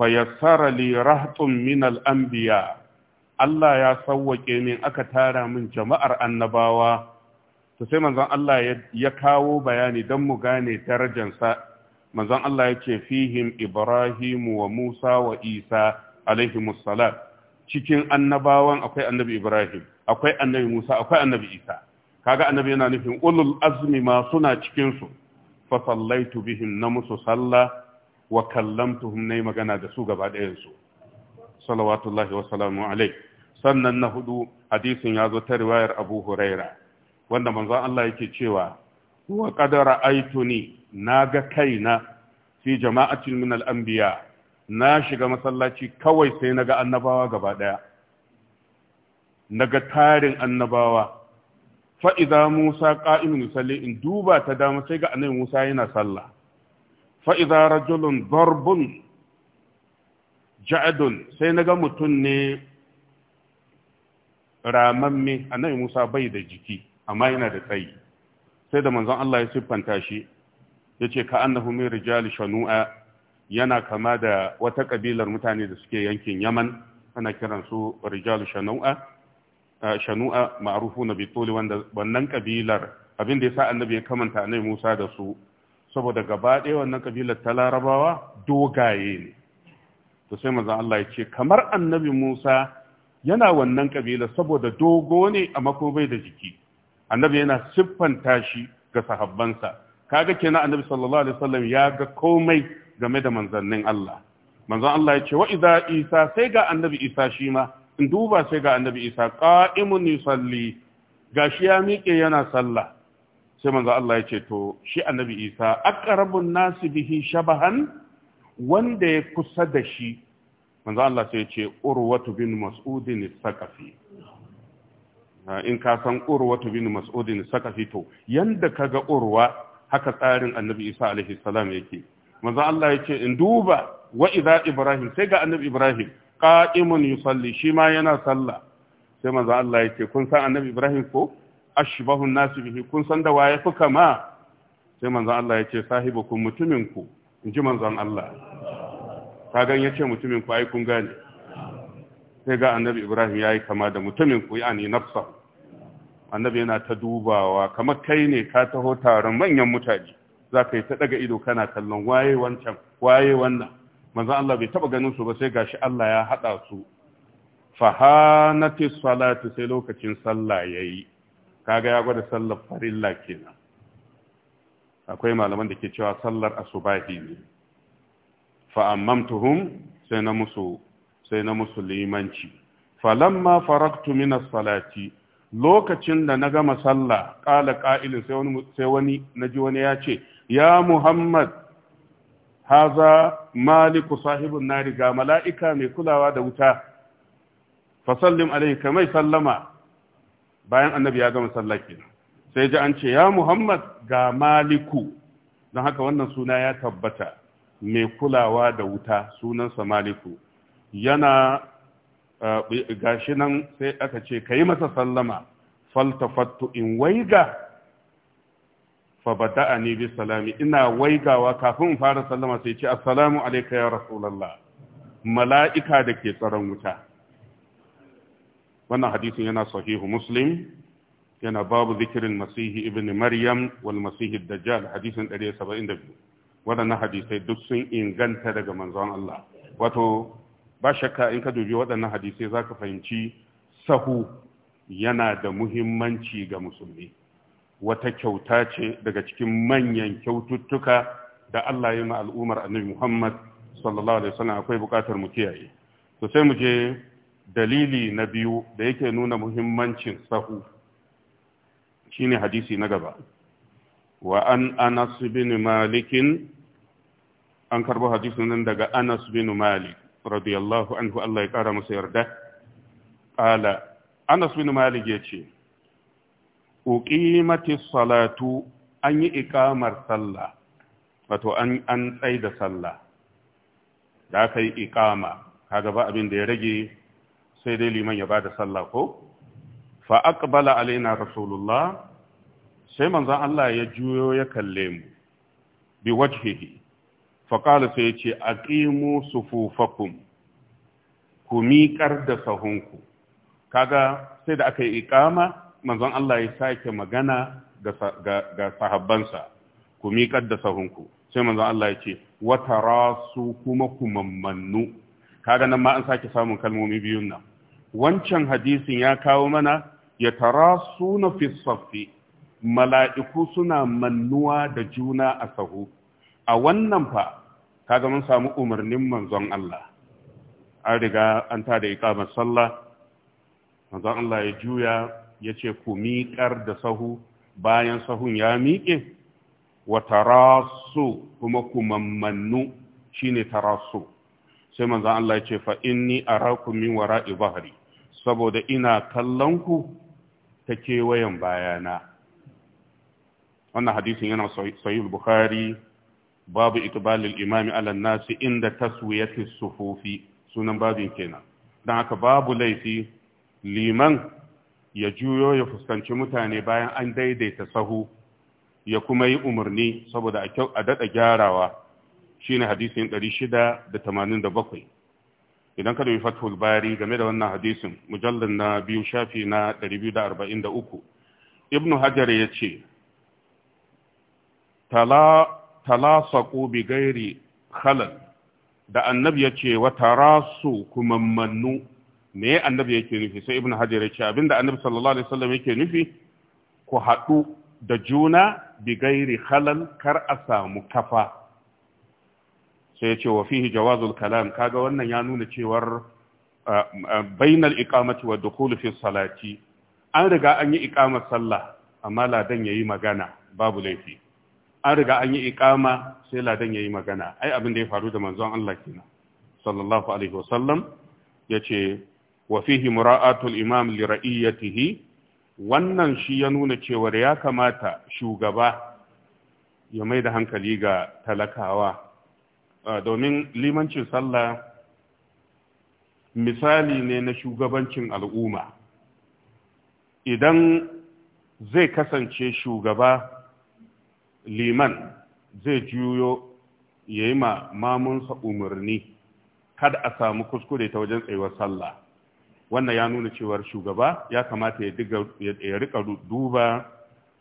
fayassara li rahtun min al-anbiya' Allah ya sawwake min aka tara min jama'ar annabawa Ta sai manzon Allah ya kawo bayani don mu gane darajansa manzon Allah ya ce fihim Ibrahimu wa Musa wa Isa alaihimus cikin annabawan akwai annabi Ibrahim akwai annabi Musa akwai annabi Isa kaga annabi yana nufin ulul azmi ma suna cikinsu. fasallaitu bihim na musu sallah wa kallamtuhum nay magana da su gaba ɗayansu. salawatullahi wa salamu alaihi sannan na hudu hadisin ya zo ta riwayar Abu Huraira wanda manzon Allah yake cewa wa qad na ga kaina fi jama'atin min al-anbiya na shiga masallaci kawai sai naga annabawa gaba daya naga tarin annabawa fa idza Musa qa'imun yusalli in duba ta dama sai ga annabi Musa yana sallah fa idza rajulun darbun ja'adun sai na ga mutum ne ramamme annabi Musa bai da jiki amma yana da tsayi sai da manzon Allah ya siffanta shi ya ce ka annahu min rijali shanu'a yana kama da wata kabilar mutane da suke yankin Yaman ana kiran su rijalu shanu'a shanu'a ma'rufuna bi tuli wannan kabilar abin da yasa annabi ya kamanta annabi Musa da su saboda gaba ɗaya wannan kabilar ta Larabawa dogaye ne to sai manzon Allah ya ce kamar annabi Musa yana wannan kabila saboda dogo ne a makobai da jiki annabi yana siffanta shi ga sahabbansa kaga kenan annabi sallallahu alaihi wasallam ya ga komai game da manzannin Allah manzon Allah ya ce wa idza Isa sai ga annabi Isa shi ma in duba sai ga annabi Isa qa'imun yusalli gashi ya miƙe yana sallah sai manzon Allah ya ce to shi annabi Isa aqrabun nasi bihi shabahan wanda ya kusa da shi manzo Allah sai ya ce urwatu bin mas'udin saqafi in ka san urwatu bin mas'udin saqafi to yanda kaga urwa haka tsarin annabi Isa alaihi salam yake manzo Allah ya ce in duba wa idza ibrahim sai ga annabi ibrahim qa'imun yusalli shi ma yana sallah sai manzo Allah ya ce kun san annabi ibrahim ko ashbahu nasu bihi kun san da waye kuka ma sai manzo Allah ya ce sahibukum mutuminku in ji manzon Allah ka gan ya ce mutumin ku ai kun gane sai ga annabi ibrahim ya yi kama da mutumin ku yani nafsa annabi yana ta dubawa kamar kai ne ka taho taron manyan mutane za ka yi ta daga ido kana kallon waye wancan waye wannan manzan Allah bai taba ganin su ba sai gashi Allah ya hada su fahanatis salatu sai lokacin sallah yayi kaga ya gwada sallar farilla kenan akwai malaman da ke cewa sallar asubahi ne fa'ammamtuhum sai na musu sai na musu limanci falamma faraktu Minas salati lokacin da na gama sallah ƙala ƙa'ilin sai wani na ji naji wani ya ce ya muhammad haza maliku sahibin nari ga mala'ika mai kulawa da wuta fasallim alaihi mai sallama bayan annabi ya gama sallah sai ji an ce ya muhammad ga maliku don haka wannan suna ya tabbata mai kulawa da wuta sunansa maliku yana gashi nan sai aka ce ka yi masa sallama faltafattu in waiga fa bada'a ni bi salami ina waigawa kafin in fara sallama sai ce assalamu alayka ya rasulallah. mala'ika da ke tsaron wuta wannan hadisin yana sahihu muslim yana babu zikirin masihi ibn maryam wal masihi dajjal hadisin 172 waɗannan hadisai duk sun inganta daga manzon Allah wato ba shakka in ka dubi waɗannan hadisai za ka fahimci sahu yana da muhimmanci ga musulmi wata kyauta ce daga cikin manyan kyaututtuka da Allah ya ma al'ummar annabi Muhammad sallallahu alaihi wasallam akwai buƙatar mu kiyaye to sai mu je dalili na biyu da yake nuna muhimmancin sahu shine hadisi na gaba wa an Anas bin an karbo hadisin nan daga Anas bin Malik radiyallahu anhu Allah ya kara masa yarda qala Anas bin Malik yace uqimati salatu an yi iqamar sallah wato an an tsaida sallah da aka yi iqama kaga ba abin da ya rage sai dai liman ya bada sallah ko fa aqbala alaina rasulullah sai manzon Allah ya juyo ya kalle mu bi wajhihi faƙala sai ce a ƙimu sufufakun ku miƙar da sahunku kaga sai da aka yi iƙama manzon Allah ya sake magana ga sahabbansa ku miƙar da sahunku sai manzon Allah ya ce wata rasu kuma ku mammannu kaga nan ma an sake samun kalmomi biyun nan wancan hadisin ya kawo mana ya tara suna fi mala'iku suna mannuwa da juna a sahu a wannan fa kaga mun samu umarnin manzon Allah an riga an ta da iqamar sallah manzon Allah ya juya ya ce ku miƙar da sahu bayan sahun ya miƙe wa tarasu kuma ku mammannu shine tarasu sai manzon Allah ya ce fa inni arakum min wara'i bahri saboda ina kallon ku ta kewayen bayana wannan hadisin yana sahih bukhari babu itibalil imami ala nasi inda taswiyati sufufi sunan babin kenan don haka babu laifi liman ya juyo ya fuskanci mutane bayan an daidaita sahu ya kuma yi umarni saboda a kyau a daɗa gyarawa shine hadisin 687 idan ka dubi fathul bari game da wannan hadisin mujallar na biyu shafi na 243 ibnu hajar ya ce tala talasaqu bi gairi khalal da annabi ya ce wa tarasu kuma mannu me annabi yake nufi sai ibnu hajar ya ce abinda annabi sallallahu alaihi wasallam yake nufi ku haɗu da juna bi gairi halal kar a samu kafa sai ya ce wa fihi jawazul kalam kaga wannan ya nuna cewar bainal iqamati wa dukhul fi salati an riga an yi iqamar sallah amma ladan yayi magana babu laifi an riga an yi ikama sai ladan ya yi magana ai abin da ya faru da manzon Allah kenan sallallahu alaihi wasallam yace wa fihi mura'atul imam li ra'iyatihi wannan shi ya nuna cewa ya kamata shugaba ya mai da hankali ga talakawa domin limancin sallah misali ne na shugabancin al'umma idan zai kasance shugaba liman zai juyo ya yi mamunsa umarni kada a samu kuskure ta wajen tsayuwar sallah wannan ya nuna cewar shugaba ya kamata ya rika duba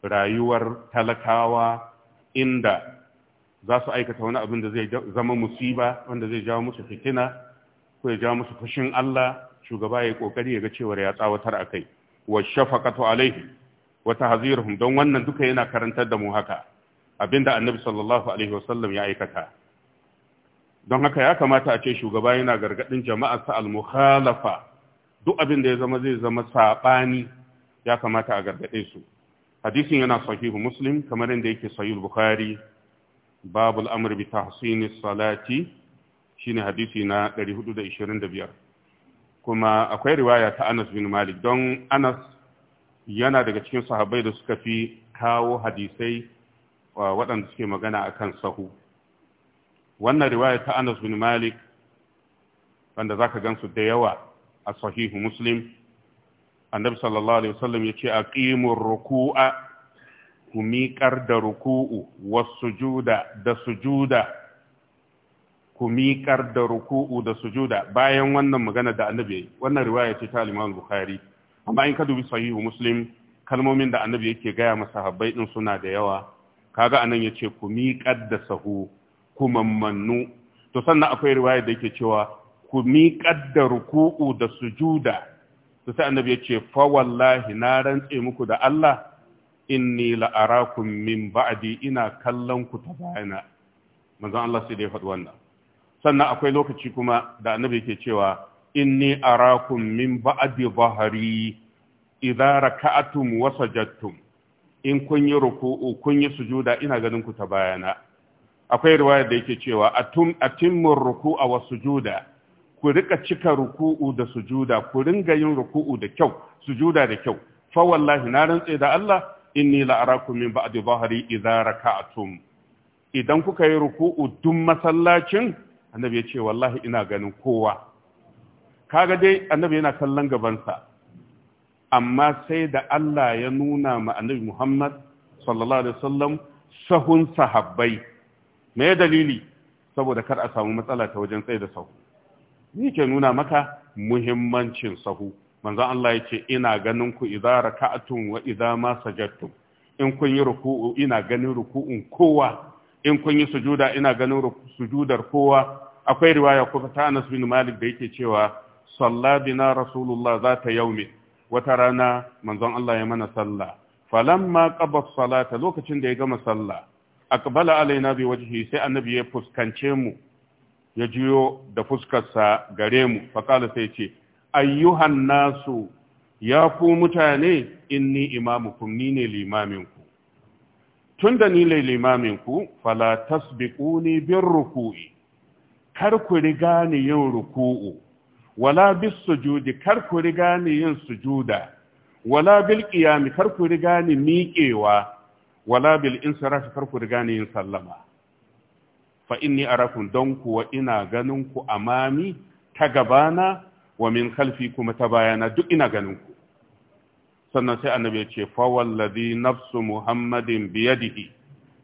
rayuwar talakawa inda za su aikata wani abin da zai zama musiba wanda zai jawo musu fitina ko ya jawo musu fushin Allah shugaba ya yi kokari ya ga cewar ya tsawatar a kai wa shafaqatu alaihi wa tahziruhum don wannan duka yana karantar da mu haka abinda annabi sallallahu alaihi wasallam ya aikata don haka ya kamata a ce shugaba yana gargadin jama'a sa al-mukhalafa duk abin da ya zama zai zama sabani ya kamata a gargade su hadisin yana sahihu muslim kamar inda yake sahihu bukhari al amr bi tahsin salati shine hadisi na 425 kuma akwai riwaya ta Anas bin Malik don Anas yana daga cikin sahabbai da suka fi kawo hadisai waɗanda suke magana a kan sahu wannan riwaya ta Anas bin Malik wanda ka gansu da yawa a sahihu Muslim annabi sallallahu alaihi wasallam a aqimur ruku'a ku miƙar da ruku'u wasu wasujuda da sujuda ku miƙar da ruku'u da sujuda bayan wannan magana da annabi wannan riwaya ce ta liman Bukhari amma in ka dubi sahihu Muslim kalmomin da annabi yake gaya sahabai din suna da yawa kaga anan yace ku miƙar da sahu ku mammannu to sannan akwai riwaya da yake cewa ku miƙar da ruku'u da sujuda to sai annabi yace fa wallahi na rantse muku da Allah inni arakum min ba'di ina kallon ku ta bayana manzon Allah sai da ya faɗi wannan sannan akwai lokaci kuma da annabi yake cewa inni arakum min ba'di dhahri idza raka'tum wa sajadtum in kun yi ruku'u kun yi sujuda ina ganin ku ta bayana akwai riwaya da yake cewa atum atimmu ruku'a wa sujuda ku rika cika ruku'u da sujuda ku ringa yin ruku'u da kyau sujuda da kyau fa wallahi na rantse da Allah inni la'arakum min ba'di dhahri idza raka'tum idan kuka yi ruku'u dun masallacin annabi ya ce wallahi ina ganin kowa kaga dai annabi yana kallon gabansa amma sai da Allah ya nuna ma annabi Muhammad sallallahu alaihi wasallam sahun sahabbai me dalili saboda kar a samu matsala ta wajen tsaye da sahu ni ke nuna maka muhimmancin sahu manzon Allah yake ina ganin ku idza raka'tum wa idza ma sajadtum in kun yi ruku'u ina ganin ruku'un kowa in kun yi sujuda ina ganin sujudar kowa akwai riwaya kuma ta Anas bin Malik da yake cewa salla bina rasulullah zata yaumin wata rana manzon Allah ya mana sallah falamma qaba salata lokacin da ya gama sallah aqbala alaina bi wajhi sai annabi ya fuskance mu ya jiyo da fuskarsa gare mu kala sai ce ayyuhan nasu ya ku mutane inni imamukum ni ne limaminku tun da ni ne limaminku fala tasbiquni bir ruku'i kar ku riga ni yin ruku'u wala bis sujudi kar ku riga ni yin sujuda wala bil qiyami kar ku riga ni miƙewa wala bil insirafi kar ku riga ni yin sallama fa inni arakum don kuwa ina ganin ku amami ta gabana wa min khalfi kuma ta bayana duk ina ganin ku sannan sai annabi ya ce fa wallazi nafsu muhammadin biyadihi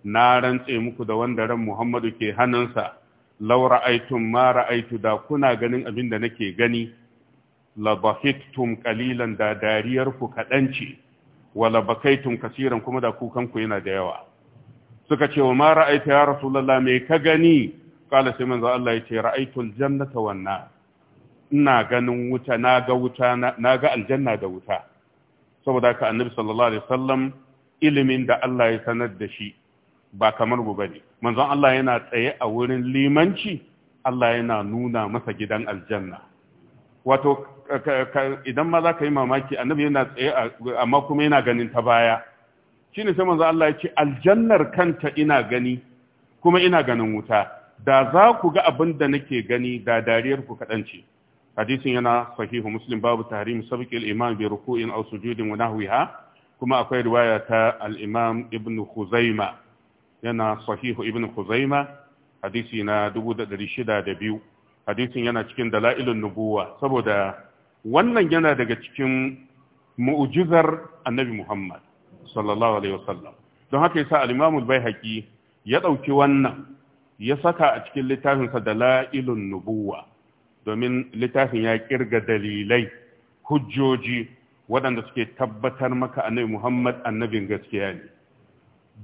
na rantse muku da wanda ran muhammadu ke hannunsa law ra'aytum ma ra'aytu da kuna ganin abin da nake gani la kalilan da dariyar ku kadan ce wala bakaitum kuma da kukanku yana da yawa suka ce wa ma ra'ayta ya rasulullah me ka gani kala sai manzo Allah ya ce ra'aytul jannata wan ina ganin wuta na ga wuta na ga aljanna da wuta saboda ka annabi sallallahu alaihi wasallam ilimin da Allah ya sanar da shi ba kamar gobe ne. manzon Allah yana tsaye a wurin limanci Allah yana nuna masa gidan aljanna wato idan ma za ka yi mamaki annabi yana tsaye amma kuma yana ganin ta baya ne sai manzon Allah ya ce aljannar kanta ina gani kuma ina ganin wuta da za ku ga abin da nake gani da dariyar ku kaɗan ce hadisin yana sahihu muslim babu tahrim sabqi al-imam bi ruku'in aw sujudin wa nahwiha kuma akwai riwaya ta al-imam ibn khuzaima yana sahihu ibn Kuzaima hadisi na biyu hadisin yana cikin dalailun nubuwa saboda wannan yana daga cikin mu'jizar annabi Muhammad sallallahu alaihi wasallam don haka yasa al-Imam al-Baihaqi ya dauki wannan ya saka a cikin littafinsa dalailun nubuwa domin littafin ya kirga dalilai hujjoji waɗanda suke tabbatar maka annabi Muhammad annabin gaskiya ne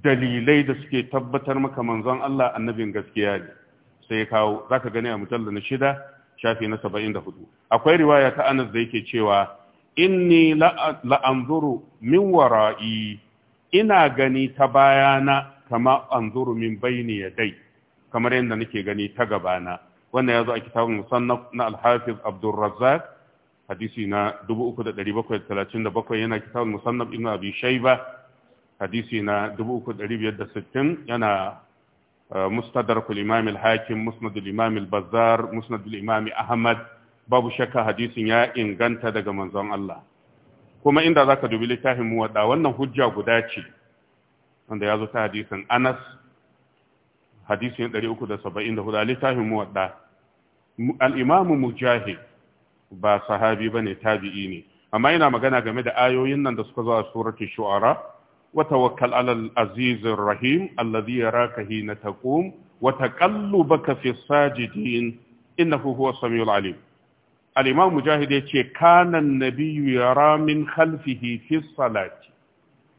dalilai da suke tabbatar maka manzon Allah annabin gaskiya ne sai ya kawo zaka gani a mujallar na shida shafi na saba'in da hudu akwai riwaya ta anas da yake cewa inni la'anzuru min wara'i ina gani ta bayana kama anzuru min baini dai. kamar yadda nake gani ta gabana wannan ya zo a kitabun musannaf na alhafiz abdulrazzaq hadisi na 3737 yana kitabun musannaf ibn abi shayba hadisi na 3560 yana eh, mustadrak al-imam al-hakim musnad al-imam al-bazzar musnad al-imam ahmad babu shakka hadisin ya inganta daga manzon Allah kuma inda zaka dubi littafin mu wada wannan hujja guda ce wanda ya zo ta hadisin Anas hadisin 374 littafin mu wada al-imam mujahid ba sahabi bane tabi'i ne amma yana magana game da ayoyin nan da suka zo a suratul shu'ara وتوكل على العزيز الرحيم الذي يراك حين تقوم وتقلبك في الساجدين انه هو السميع العليم الامام مجاهد يقول كان النبي يرى من خلفه في الصلاه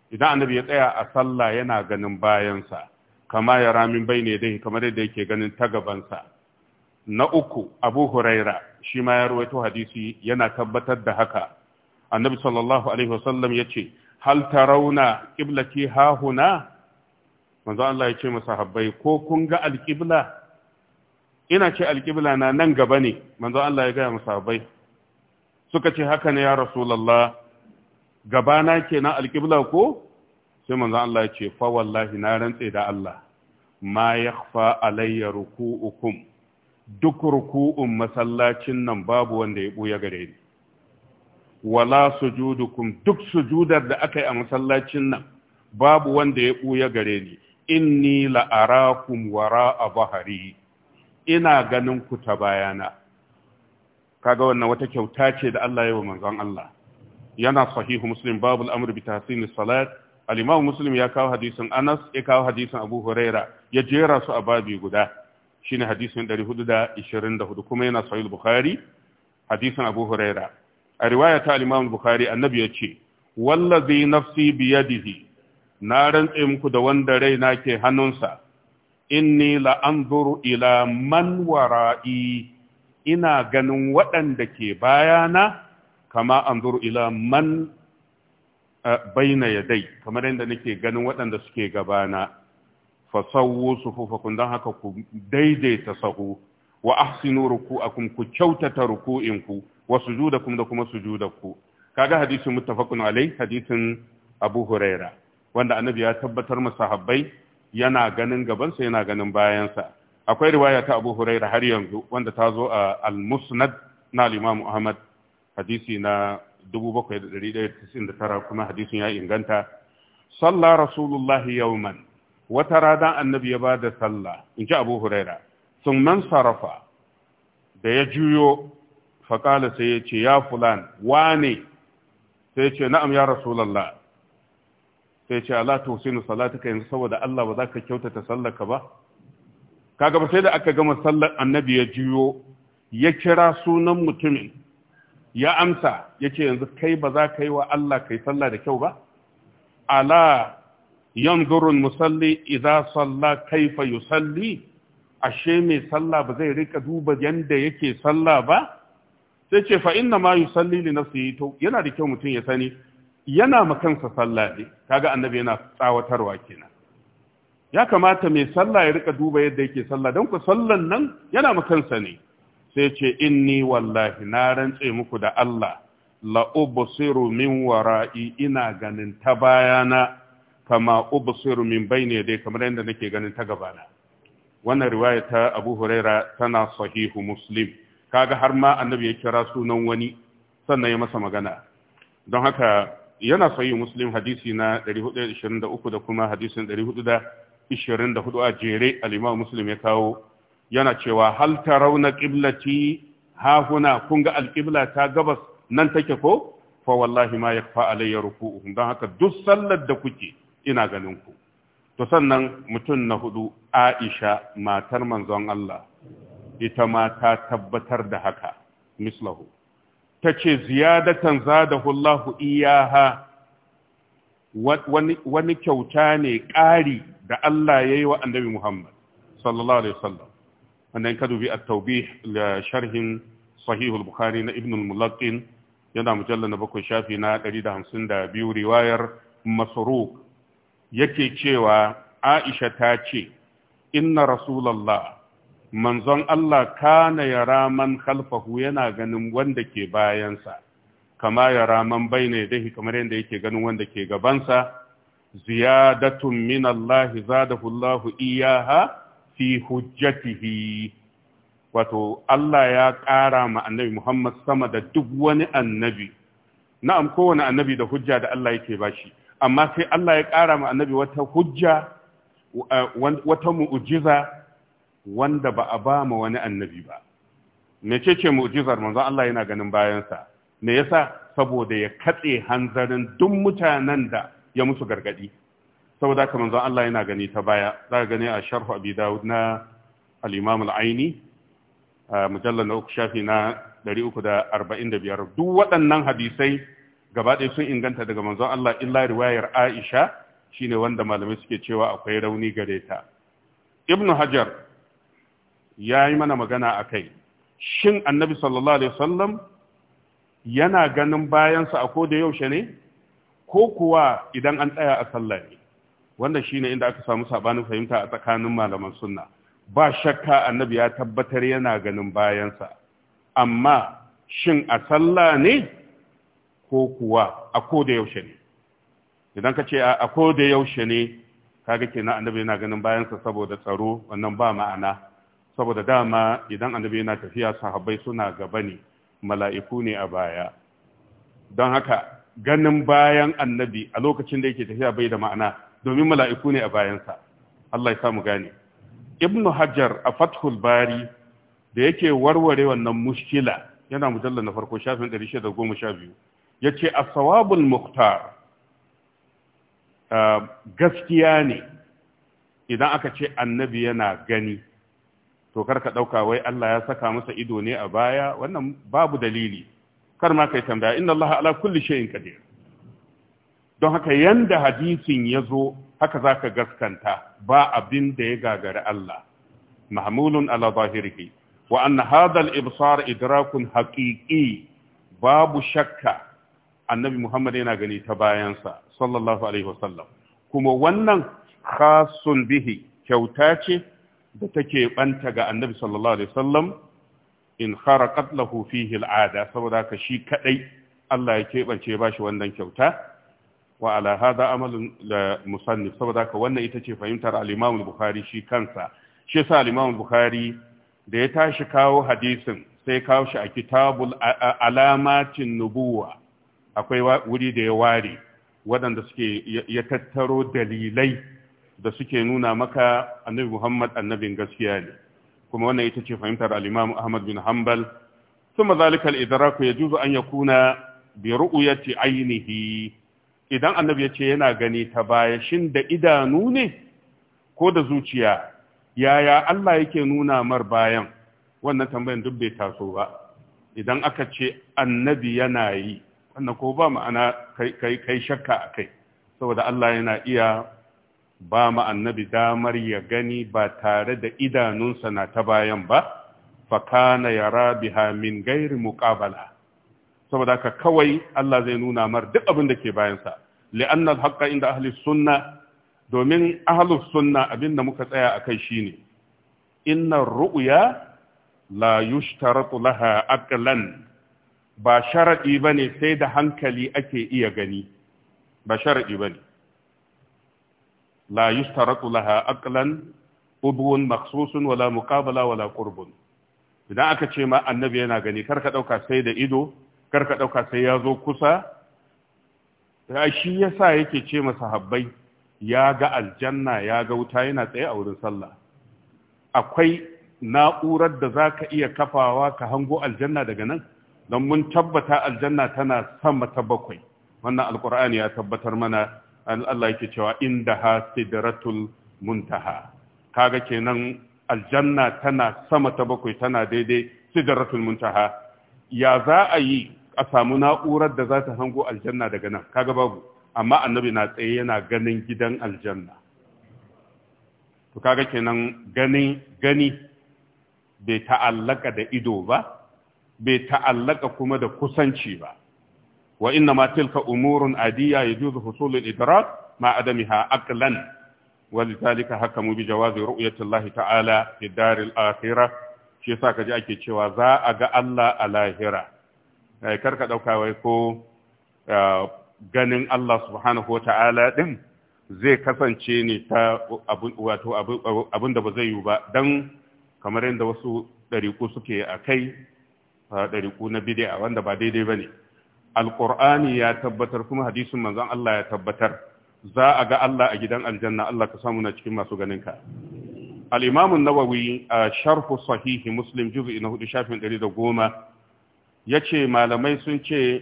idan annabi ya tsaya a sallah yana ganin bayansa kama ya ramin bai ne dai kamar yadda yake ganin ta gabansa na uku abu huraira shi ma ya rawaito hadisi yana tabbatar da haka annabi sallallahu alaihi wasallam ya ce hal tarawna qiblati ha huna manzo Allah ya ce masa habbai ko kun ga alƙibla? ina ce alƙibla na nan gaba ne manzo Allah ya gaya masa habbai suka ce haka ne ya rasulullah gabana kenan alƙibla ko sai manzo Allah ya ce fa wallahi na rantse da Allah ma yakhfa alayya ruku'ukum duk ruku'un masallacin nan babu wanda ya buya gare ni wala sujudukum duk sujudar da aka yi a masallacin nan babu wanda ya buya gare ni inni la'arakum wara a bahari ina ganin ku ta bayana kaga wannan wata kyauta ce da Allah ya wa manzon Allah yana sahihu muslim babu al'amr bi tahsin salat al-imam muslim ya kawo hadisin Anas ya kawo hadisin Abu Huraira ya jera su a babi guda shine hadisin 424 kuma yana sahih Bukhari hadisin Abu Huraira a riwaya ta al-Imam Bukhari annabi yace wallazi nafsi biyadihi na rantse muku da wanda raina ke hannunsa inni la anzuru ila man wara'i ina ganin waɗanda ke bayana kama anzuru ila man baina dai, kamar yadda nake ganin waɗanda suke gabana fasawu sufufakum don haka ku daidaita sahu wa ahsinu ruku'akum ku kyautata ruku'inku ku wa kuma da kuma sujudaku kaga hadisin muttafaqun alai hadisin Abu Huraira wanda annabi ya tabbatar masa sahabbai yana ganin gabansa yana ganin bayansa akwai riwaya ta Abu Huraira har yanzu wanda ta zo a Al-Musnad na Imam Ahmad hadisi na 7199 kuma hadisin ya inganta salla rasulullahi yawman wata rana annabi ya bada sallah in ji Abu Huraira sun man sarafa da ya juyo fakala sai ya ce ya fulan wane sai ce na'am ya rasulallah sai ce Allah ta husainu salatuka yanzu saboda Allah ba za ka kyautata sallaka ba kaga ba sai da aka gama sallar annabi ya juyo ya kira sunan mutumin ya amsa ya ce yanzu kai ba za ka yi wa Allah kai sallah da kyau ba ala yanzurun musalli idza salla kaifa yusalli ashe mai sallah ba zai rika duba yanda yake sallah ba sai ce fa inna ma yusalli li nafsihi to yana da kyau mutum ya sani yana ma kansa sallah ne kaga annabi yana tsawatarwa kenan ya kamata mai sallah ya rika duba yadda yake sallah don ku sallan nan yana ma kansa ne sai ce inni wallahi na rantse muku da Allah la ubsiru min wara'i ina ganin ta bayana kama ubsiru min baine dai kamar yadda nake ganin ta gabana wannan riwaya ta Abu Huraira tana sahihu Muslim kaga har ma annabi ya kira sunan wani sannan ya masa magana don haka yana sayi muslim hadisi na 423 da kuma hadisin 424 a jere al'imam muslim ya kawo yana cewa hal ta rauna ƙiblati hahuna kun ga alƙibla ta gabas nan take ko fa wallahi ma yakfa alayya ruku'uhum don haka duk sallar da kuke ina ganin ku to sannan mutum na hudu Aisha matar manzon Allah ita ma ta tabbatar da haka mislahu ta ce ziyadatan zadahullahu iyaha wani kyauta ne ƙari da Allah ya yi wa annabi Muhammad sallallahu alaihi wasallam wannan ka dubi ta'ubi tawbih sharhin sahihul bukhari na ibn al-mulaqqin yana mujallar na bakwai shafi na 152 riwayar masruq yake cewa Aisha ta ce inna rasulallah manzon Allah kana yara man khalfahu yana ganin wanda ke bayansa kama raman bai ne dahi kamar yadda yake ganin wanda ke gabansa ziyadatun min Allah zadahu Allah iyaha fi hujjatihi wato Allah ya ƙara ma annabi Muhammad sama da duk wani annabi na'am kowane annabi da hujja da Allah yake shi amma sai Allah ya ƙara ma annabi wata hujja wata mu'ujiza wanda ba a ba ma wani annabi ba mecece mu'jizar manzon Allah yana ganin bayansa me yasa saboda ya katse hanzarin duk mutanen da ya musu gargadi saboda haka manzon Allah yana gani ta baya za ka gani a Sharhu abi daud na al-imam al-aini mujallal na uku shafi na 345 duk waɗannan hadisai gaba ɗaya sun inganta daga manzon Allah illa riwayar Aisha shine wanda malamai suke cewa akwai rauni gare ta Ibn Hajar ya yi mana magana a kai shin annabi sallallahu alaihi wasallam yana ganin bayansa a koda yaushe ne ko kuwa idan an tsaya a sallah ne shi shine inda aka samu sabanin fahimta a tsakanin malaman sunna ba shakka annabi ya tabbatar yana ganin bayansa amma shin a sallah ne ko kuwa a koda yaushe ne idan ka ce a koda yaushe ne kaga kenan annabi yana ganin bayansa saboda tsaro wannan ba ma'ana saboda dama idan annabi yana tafiya sahabbai suna gaba ne mala'iku ne a baya don haka ganin bayan annabi a lokacin da yake tafiya bai da ma'ana domin mala'iku ne a bayansa Allah ya samu gane Ibn hajar a fathul bari da yake warware wannan mushkila yana mujallar na farko shafin 1612 ya ce a sawabul muhtar ah, gaskiya ne idan aka ce annabi yana gani to kar ka ɗauka wai Allah ya saka masa ido ne a baya wannan babu dalili kar ma kai tambaya inna Allah ala kulli shay'in qadir don haka yanda hadisin ya zo haka za ka gaskanta ba abin da ya gagari Allah mahmulun ala zahirihi wa anna hadha al-ibsar idrakun haqiqi babu shakka annabi Muhammad yana gani ta bayansa sallallahu alaihi wasallam kuma wannan khasun bihi kyauta ce da take banta ga annabi sallallahu alaihi wasallam in kharaqat lahu fihi al'ada saboda ka shi kadai Allah ya keɓance bashi wannan kyauta wa ala hada amalun musannif saboda ka wannan ita ce fahimtar al-Imam al-Bukhari shi kansa shi yasa al-Imam al-Bukhari da ya tashi kawo hadisin sai kawo shi a kitabul alamatin nubuwa akwai wuri da ya ware waɗanda suke ya tattaro dalilai da suke nuna maka annabi Muhammad annabin gaskiya ne kuma wannan ita ce fahimtar al-Imam Ahmad bin Hanbal al ذلك yajuzu an yakuna bi ru'yati aynihi idan annabi ya ce yana gani ta baya shin da idanu ne ko da zuciya yaya Allah yake nuna mar bayan wannan tambayan duk bai taso ba idan aka ce annabi yana yi wannan ko ba ma'ana kai shakka akai. saboda Allah yana iya ba ma annabi damar ya gani ba tare da idanunsa na ta bayan ba fakana ya rabi, min gairi muƙabala saboda haka kawai Allah zai nuna mar duk abin da ke bayansa li'anna al-haqqa inda ahli sunna domin ahli sunna abinda muka tsaya a akai shine inna ruuya la yushtaratu laha aqlan ba ba ne, sai da hankali ake iya gani ba ba bane la yushtaratu laha aqlan ubun maksosun wala muqabala wala qurbun idan aka ce ma annabi yana gani kar ka dauka sai da ido kar ka dauka sai ya zo kusa shi yasa yake ce masa habbai ya ga aljanna ya ga wuta yana tsaye a wurin sallah akwai na'urar da za ka iya kafawa ka hango aljanna daga nan don mun tabbata aljanna tana sama ta bakwai wannan Alƙur'ani ya tabbatar mana Allah yake cewa inda ha sidratul muntaha kaga kenan aljanna tana sama ta bakwai tana daidai sidratul muntaha ya za a yi a samu na'urar da za ta hango aljanna daga nan kaga babu amma annabi na tsaye yana ganin gidan aljanna to kaga kenan gani gani bai ta'allaka da ido ba bai ta'allaka kuma da kusanci ba wa inna ma tilka umurun adiya yajuzu husulul idrak ma adamiha aqlan ولذلك حكموا بجواز رؤية الله تعالى في الدار الآخرة shi yasa kaji ake cewa za a ga Allah a lahira eh, Kar ɗauka wai ko eh, ganin Allah subhanahu wa ta'ala ɗin zai kasance ne ta wato abin da ba zai yi ba don kamar yadda wasu ɗariƙu suke a kai ɗariku na bidiya wanda ba daidai ba ne alƙur'ani ya tabbatar kuma hadisin manzon Allah ya tabbatar za a ga Allah a gidan aljanna Allah ka samu na cikin masu ganin ka al-imam an-nawawi a sharh sahih muslim juz'i na 4 shafin 110 yace malamai sun ce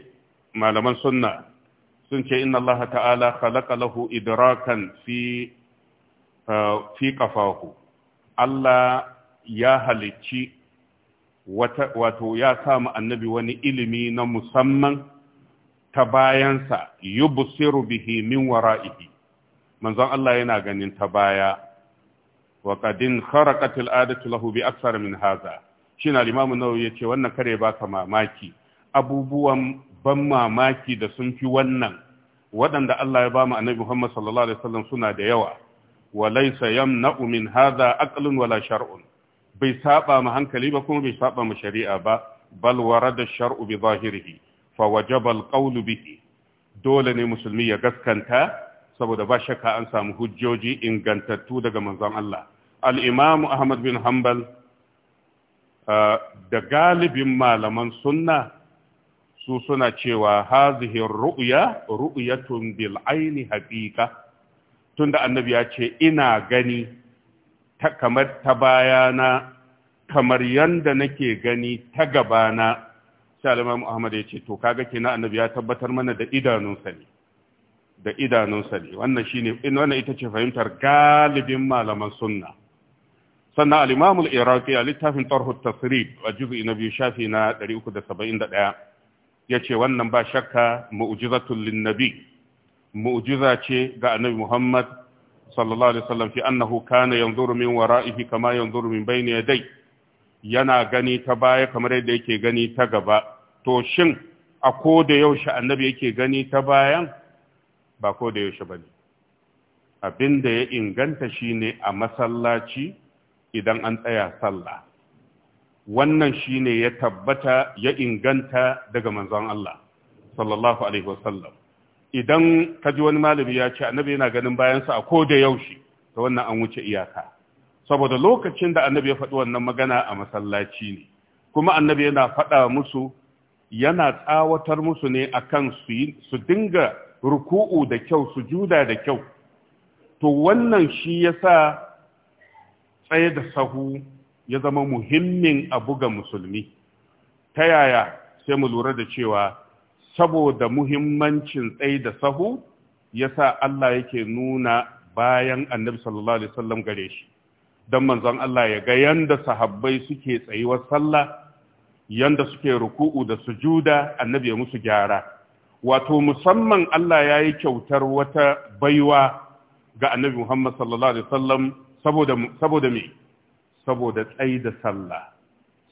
malaman sunna sun ce inna Allah ta'ala khalaqa lahu idrakan fi fi qafahu Allah ya halicci wato ya samu annabi wani ilimi na musamman ta bayansa yubsiru bihi min wara'ihi manzon Allah yana ganin ta baya wa qadin kharaqat al'adatu lahu bi aksar min haza, shine al-imam an-nawawi yace wannan kare ba ka mamaki abubuwan ban mamaki da sun fi wannan waɗanda Allah ya ba mu annabi Muhammad sallallahu alaihi wasallam suna da yawa wa laysa yamna'u min hadha aqlun wala shar'un bai saba ma hankali ba kuma bai saba ma shari'a ba bal warada shar'u bi zahirihi fa wajaba alqawlu bihi dole ne musulmi ya gaskanta saboda ba shakka an samu hujjoji ingantattu daga manzon Allah al-imam Ahmad bin Hanbal da galibin malaman sunna su suna cewa hazihi ru'ya ru'yatun bil aini haqiqa tunda annabi ya ce ina gani ta kamar ta bayana kamar yanda nake gani ta gabana sai al Muhammad ya ce to kaga kenan annabi ya tabbatar mana da idanunsa ne da idanunsa ne wannan shine in wannan ita ce fahimtar galibin malaman sunna sannan al-imam al-iraqi a littafin tarh at-tasrib a juz'i na biyu shafi na 371 yace wannan ba shakka mu'jizatul lin-nabi mu'jiza ce ga annabi muhammad sallallahu alaihi wasallam fi annahu kana yanzuru min wara'ihi kama yanzuru min bayni yadayhi yana gani ta baya kamar yadda yake gani ta gaba to shin a ko yaushe annabi yake gani ta bayan ba ko da yaushe ba ne abin da ya inganta shi ne a masallaci idan an tsaya sallah wannan shi ne ya tabbata ya inganta daga manzon Allah sallallahu alaihi wasallam idan ka ji wani malami ya ce annabi yana ganin bayansa a koda yaushe ta wannan an wuce iyaka saboda lokacin da annabi ya faɗi wannan magana a masallaci ne kuma annabi yana faɗa musu yana tsawatar musu ne a kan su dinga ruku'u da kyau su juda da kyau to wannan shi yasa tsaye da sahu ya zama muhimmin abu ga musulmi ta yaya sai mu lura da cewa saboda muhimmancin tsaye da sahu sa Allah yake nuna bayan annabi sallallahu alaihi wasallam gare shi don manzon Allah ya ga yanda sahabbai suke tsayuwar sallah yanda suke ruku'u da sujuda annabi ya musu gyara wato musamman Allah ya yi kyautar wata baiwa ga annabi Muhammad sallallahu alaihi wasallam saboda saboda me saboda tsayi da sallah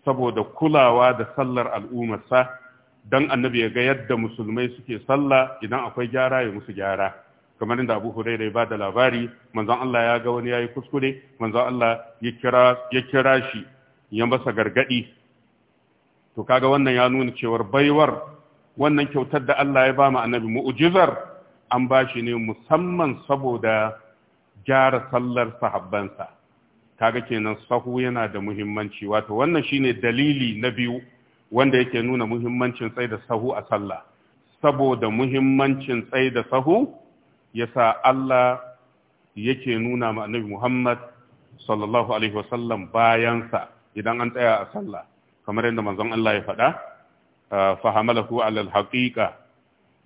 saboda kulawa da sallar al'ummarsa dan annabi ya ga yadda musulmai suke sallah idan akwai gyara ya musu gyara kamar inda abu huraira ya ba da labari manzon Allah ya ga wani yayi kuskure manzon Allah ya kira shi ya masa gargadi to kaga wannan ya nuna cewar baiwar wannan kyautar da Allah ya ba mu annabi mu'jizar an ba shi ne musamman saboda gyara sallar sahabbansa kaga kenan sahu yana da muhimmanci wato wannan shine dalili na biyu wanda yake nuna muhimmancin tsaye da sahu a sallah saboda muhimmancin tsaye da sahu yasa Allah yake nuna ma annabi Muhammad sallallahu alaihi wasallam bayansa idan an tsaya a sallah kamar yadda manzon Allah ya faɗa ah, fa hamalahu ala alhaqiqa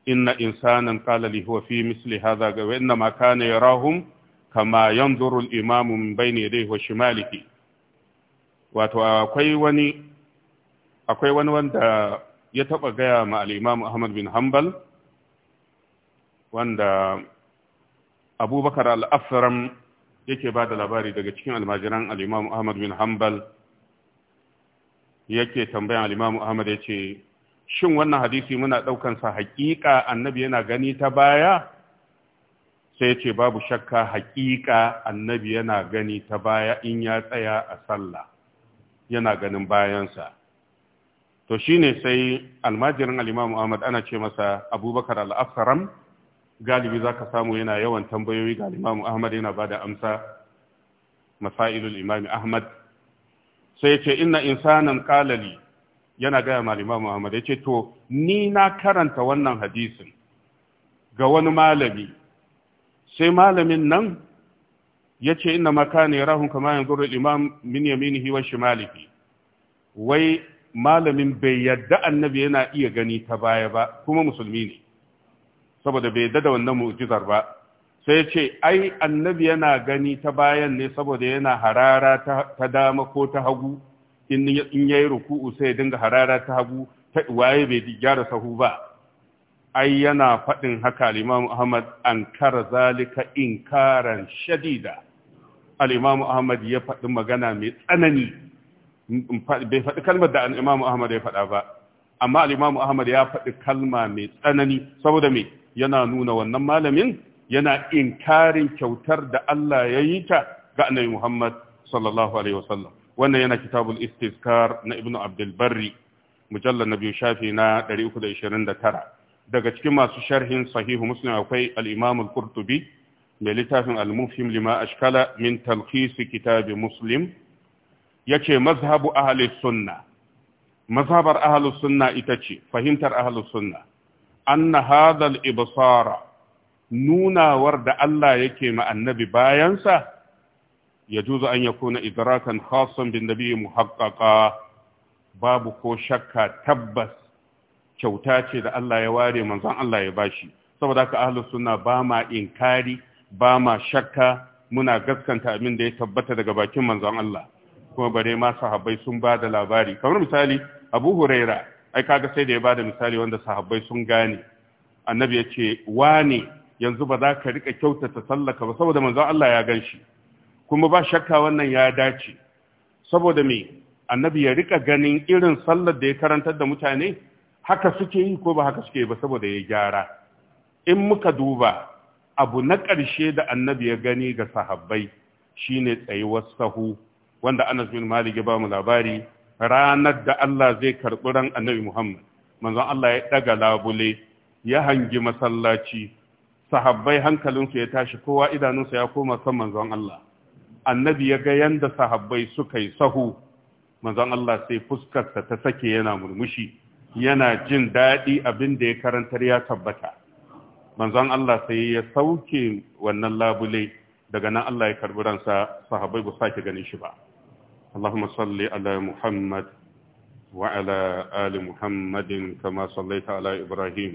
inna insanan qala li huwa fi misli hadha wa inna ma kana yarahum kama yanzuru al-imamu min bayni yadayhi wa shimalihi wato akwai wani akwai wani wanda ya taba gaya ma al-imamu Ahmad bin Hanbal wanda Abubakar al-Afram yake ba da labari daga cikin almajiran al-Imam Ahmad bin Hanbal yake tambayan alimamu Ahmad ya ce shin wannan hadisi muna ɗaukansa haƙiƙa annabi yana gani ta baya sai ce babu shakka haƙiƙa annabi yana gani ta baya in ya tsaya a sallah yana ganin bayansa to shi ne sai almajirin alimamu Ahmad ana ce masa Abubakar al galibi galibi ka samu yana yawan tambayoyi ga alimamu Ahmad yana ba da amsa masailul imami Ahmad sai ya ce inna insanan kalali yana gaya malima muhammad ya ce to ni na karanta wannan hadisin ga wani malami sai malamin nan ya ce maka ne rahun kama yanzu imam min yaminihi wa shimalihi wai malamin bai yadda annabi yana iya gani ta baya ba kuma musulmi ne saboda bai yadda da wannan mu'jizar ba sai ce ai annabi yana gani ta bayan ne saboda yana harara ta dama ko ta hagu in ya yi ruku'u sai dinga harara ta hagu ta waye bai gyara sahu ba ai yana faɗin haka al'imamu ahmad an kara zalika inkaran shadida al'imamu ahmad ya faɗi magana mai tsanani bai faɗi kalmar da al'imamu ahmad ya faɗa ba amma al'imamu ahmad ya faɗi kalma mai tsanani saboda mai yana nuna wannan malamin yana inkarin kyautar da Allah ya yi ta ga annabi Muhammad sallallahu alaihi wasallam wannan yana kitabul istizkar na ibnu abdul barri mujallal na biyu shafi na 329 daga cikin masu sharhin sahihu muslim akwai al-imam al-qurtubi mai littafin al-mufhim lima ashkala min talkhis kitab muslim yace mazhabu ahli sunna mazhabar ahli sunna ita ce fahimtar ahli sunna anna hadha al-ibsara nunawar da Allah yake ma annabi bayansa ya juzu an kuna idrakan khasan bin nabi muhaqqaqa babu ko shakka tabbas kyauta ce da Allah ya ware manzon Allah ya bashi saboda haka ahlus sunna ba ma inkari ba ma shakka muna gaskanta abin da ya tabbata daga bakin manzon Allah kuma bare ma sahabbai sun ba da labari kamar misali Abu Huraira ai kaga sai da ya ba da misali wanda sahabbai sun gane annabi yace ce wane yanzu ba za ka rika kyautata sallaka ba saboda manzo Allah ya gan shi kuma ba shakka wannan ya dace saboda me annabi ya rika ganin irin sallar da ya karantar da mutane haka suke yi ko ba haka suke yi ba saboda ya gyara in muka duba abu na ƙarshe da annabi ya gani ga sahabbai shine tsayuwar sahu wanda Anas bin Malik ya ba mu labari ranar da Allah zai karɓi ran annabi Muhammad manzon Allah ya daga labule ya hangi masallaci sahabbai hankalinsu ya tashi kowa idanunsa ya koma kan manzon Allah annabi ya ga yanda sahabbai suka yi sahu manzon Allah sai fuskarsa ta sake yana murmushi yana jin daɗi abin da ya karantar ya tabbata manzon Allah sai ya sauke wannan labule daga nan Allah ya karbi ransa sahabbai ba sake ganin shi ba Allahumma salli ala Muhammad wa ala ali Muhammadin kama sallaita ala Ibrahim